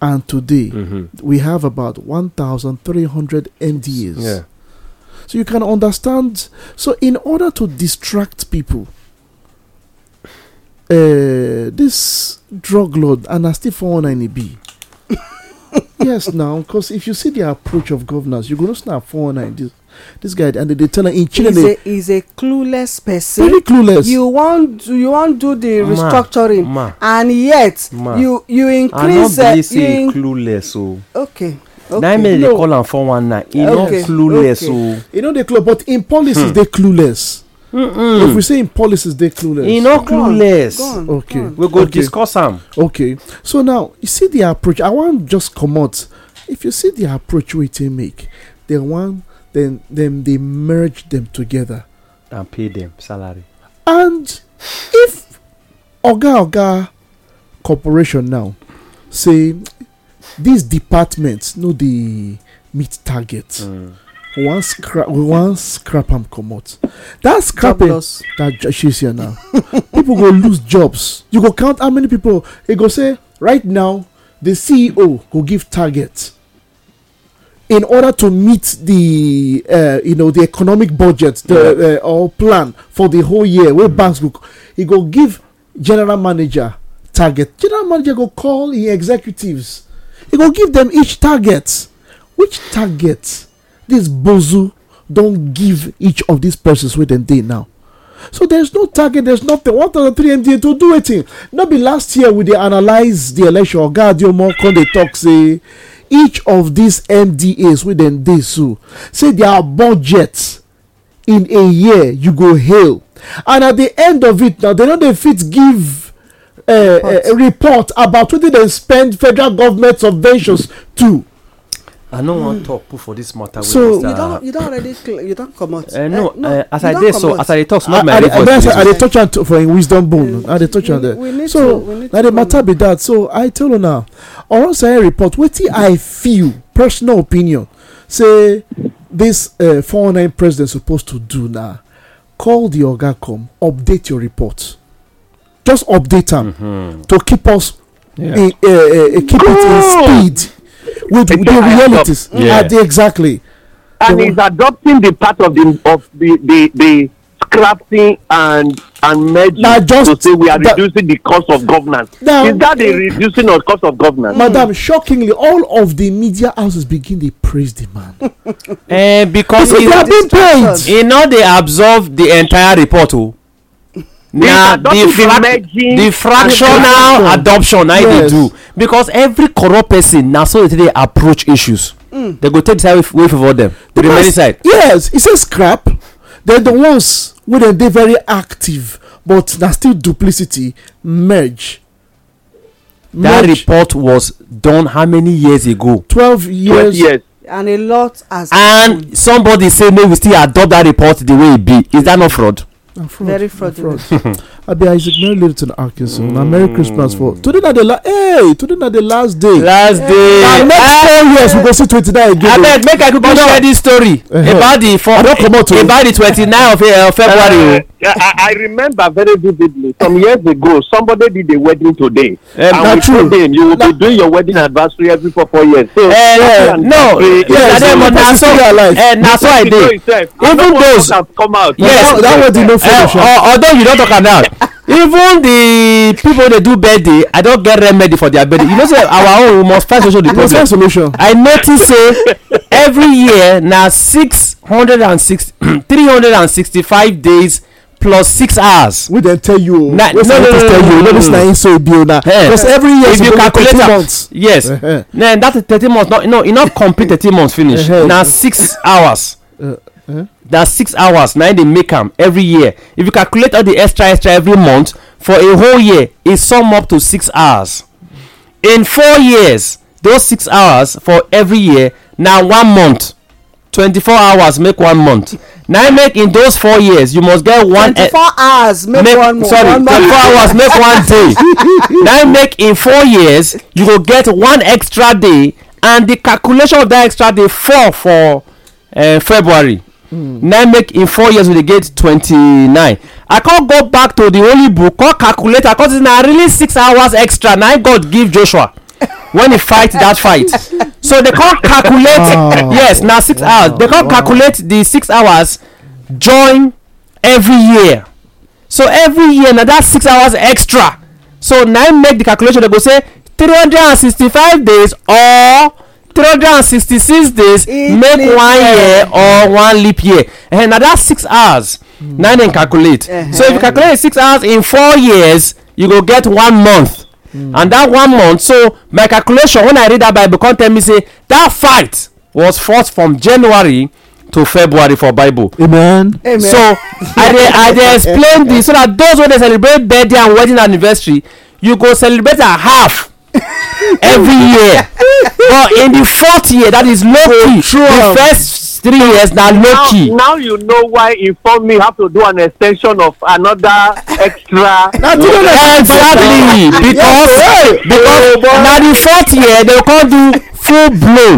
and today, mm-hmm. we have about 1,300 MDAs. Yeah. So you can understand. So in order to distract people, Eh, this drug lord and I Anasti 419B. [laughs] yes, now, because if you see the approach of governors, you're going to snap 419. This, this guy, and they tell him in Chile. He's a, he's a clueless person. Very clueless. You won't, you won't do the ma, restructuring. Ma, and yet, ma. you you increase. I not uh, believe uh, you in- clueless. So. Oh. Okay. okay. na no. dey call am 419 e okay. no clueless okay. o. Oh. e no dey clueless but in policies hmm. dey clueless. Mm-mm. if we say im policies dey clueless in no clueless okay we go discuss am okay so now you see the approach i want just comment. if you see the approach we take make want then then they merge them together. and pay them salary and if oga oga corporation now say these departments no the meet target mm one scrap one scrap am comot that scrapping that she's here now [laughs] people go lose jobs you go count how many people He go say right now the ceo go give target in order to meet the uh, you know the economic budget the, uh, or plan for the whole year where banks go He go give general manager target general manager go call the executives He go give them each target which target This bozu don give each of these persons wey dem dey now so there's no target there's nothing one thousand three mda to do wetin no be last year we dey analyse the election oga adeomo come dey talk say each of these mdas wey dem dey so say their budget in a year you go hail and at the end of it now they no dey fit give a eh, eh, report about wetin dem spend federal government subventions to I don't mm. want to talk for this matter. So you don't, you don't already, you don't come out. Uh, no, uh, as I did so, as I talk, so not my voice. I, I, touch on for in wisdom bone. Uh, I touch on there. So now the matter be that. So I tell you now, or else I report. What I feel, personal opinion, say this uh, nine president supposed to do now. Call the organ come, update your report. Just update them mm-hmm. to keep us, yeah. in, uh, uh, keep it in speed. with the realities. Yeah. exactly? And so, he's adopting the part of the of the the, the crafting and and merging just, to say we are that, reducing the cost of governance. Now, is that the eh, reducing of cost of governance? Madam, shockingly, all of the media houses begin to praise the man. uh, because they are being paid. You know they absorb the entire report. Oh. Now nah, the, fractional adoption, I do because every corrupt person na so they approach issues. Mm. They go take the side with for them. The remaining side. Yes, it's a scrap. They're the ones where they're very active, but they still duplicity merge. merge. That report was done how many years ago? Twelve years. years. And a lot as and somebody say no, we still adopt that report the way it be. Is that not fraud? fraud. Very fraudulent. fraud. [laughs] abi isaac mary livingston atkinson na merry hmm. christmas for today na the last hey today na the last day last day na next ah. four years we go see twenty-nine again abeg make i quickly share this story uh-huh. about the four oh. about the twenty-nine of uh, february oh. uh, Yeah, I, I remember very vividly some years ago somebody did a wedding today um, and with true. them you will be doing your wedding anniversary every four four years. So, uh, eh, yeah. no yes yeah, but na so uh, eh, na so I dey even those come out. yes that wedding no finish. Eh, uh, although you don talk am now even the people dey do birthday i don get remedy for their birthday you know say our own we must find solution to the problem solution. i notice say every year na six hundred and six [clears throat] three hundred and sixty-five days plus six hours. wey dem tell you na no no no tell you no this na so e be o na. Eh. because every year if you calculate am yes eh, eh. na that thirty months no no e no complete thirty months finish na six hours. that six hours na dey make am every year if you calculate all the extra extra every month for a whole year e sum up to six hours in four years those six hours for every year na one month twenty-four hours make one month na make in those four years you must get one twenty-four hours make, make one month sorry twenty-four hours make one day [laughs] na make in four years you go get one extra day and the calculation of that extra day fall for uh, february Mm. now make in four years we dey get twenty-nine i come go back to the holy book come calculate i come see na really six hours extra na god give joshua [laughs] when he fight that fight so they come calculate [laughs] oh. yes na six hours they come calculate the six hours join every year so every year na that six hours extra so na im make the calculation they go say three hundred and sixty-five days or three hundred and sixty-six days make one year or one leap year and na that six hours hmm. na dem calculate so if you calculate six hours in four years you go get one month hmm. and that one month so my calculation when i read that bible come tell me say that fight was fought from january to february for bible amen amen so i dey i dey explain this so that those wey dey celebrate birthday and wedding anniversary you go celebrate at half [laughs] every year but in the fourth year that is lucky. the first three years na lucky. key. now you know why inform me have to do an extension of another extra. na two hundred and exactly because because hey, oh, na the fourth year they come do full blow.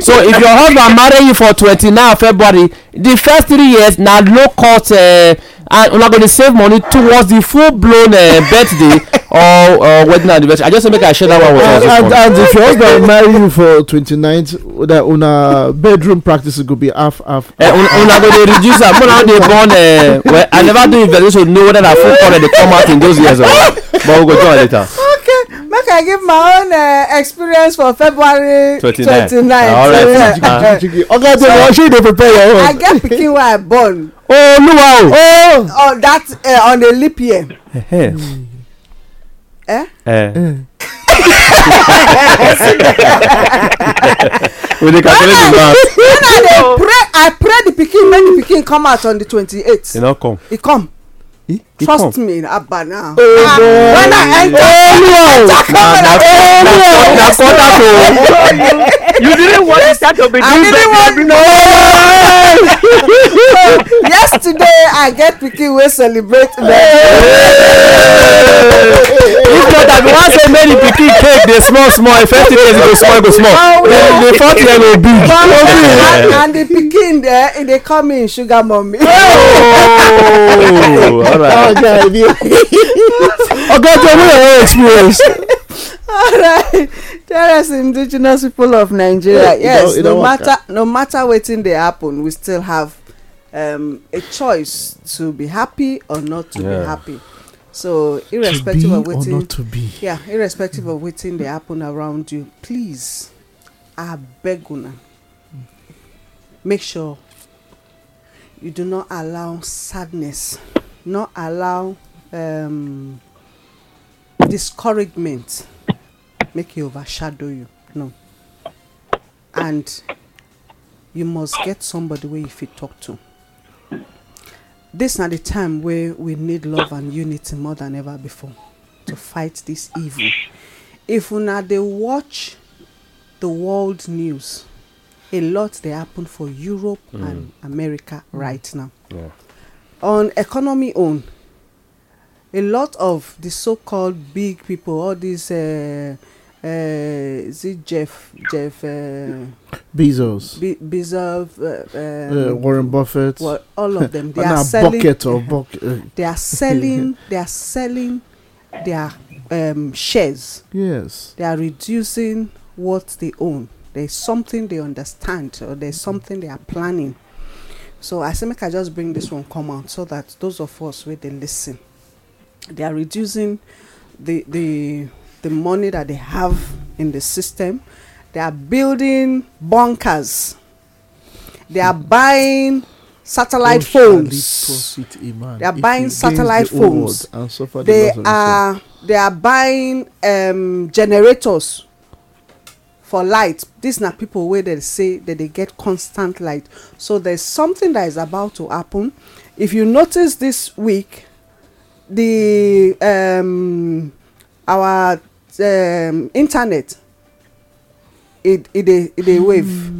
so if your husband marry you for twenty-nine february the first three years na low cost. Uh, and una go dey save money towards the full blown uh, birthday [laughs] or uh, wedding anniversary i just say make i share that one with you. and and if your husband [laughs] marry you for 29, that una bedroom practice go be half half eh, una go dey reduce am una dey born eh, well i never do investigation to know whether na full color dey come out in those years or oh. not but we go join later make i give my own uh, experience for february 29 29th alright oga dey prepare your own i get picking where i born olúwa o. oh on oh, that uh, on a leap year. Eh? Eh? we dey calculate the math. when i dey pray i pray the pikin make the pikin come out on the twenty-eight. e no come. e come. trust me abba now oh, ah, when i enter oh, i enter oh. [laughs] you didn't want to start to be doing baby no [laughs] yesterday i get pikin wey celebrate birthday if not i be wan say many pikin cake dey small small if first day go small go small then the fourth year go big and the pikin there e dey call me sugar mummy. oh [laughs] alright. ọ̀gá ẹbí ọ̀gá tó mú ẹ̀rọ experience. all tell us indigenous people of nigeria yeah, yes don't, no matter out. no matter wetin dey happen we still have um, a choice to be happy or not to yeah. be happy so irrespective of wetin to yeah irrespective of wetin dey happen around you please abeg una make sure you do not allow sadness not allow um, discouragement make e overshadow you no and you must get somebody where you fit talk to this na the time where we need love and unity more than ever before to fight this evil if we una they watch the world news a lot they happen for europe mm. and america right now yeah. on economy own a lot of the so-called big people all these uh, uh, is it Jeff Jeff uh, Bezos Be- Bezos uh, um, uh, Warren Buffett well, all of them [laughs] they are selling bucket or [laughs] they are selling they are selling their um, shares yes they are reducing what they own there's something they understand or there's something they are planning so i say make i just bring this one come out so that those of us where they listen they are reducing the the the money that they have in the system they are building bunkers they are buying satellite phones they are buying satellite phones they are they are buying um, generators for light dis na people wey dem say dem dey get constant light so there's something that is about to happen if you notice this week the um, our um, internet e dey wave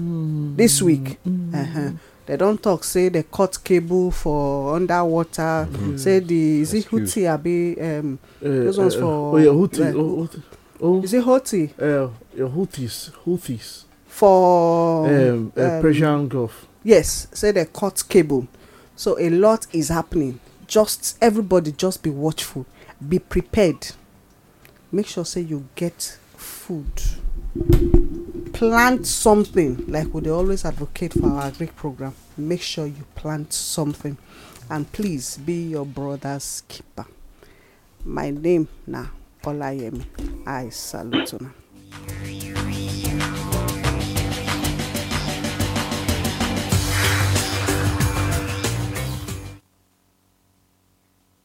this week Uh-huh. dem don talk say they cut cable for underwater mm-hmm. say the is it huti abi um, eh, those ones eh, for oh oh, oh. is it hoti eh, Eh, Houthis, Houthis for um, um, Persian Gulf. Yes, say they cut cable, so a lot is happening. Just everybody, just be watchful, be prepared. Make sure say you get food. Plant something like we always advocate for our Greek program. Make sure you plant something, and please be your brother's keeper. My name now. Olayemi. I salute you. Thank you.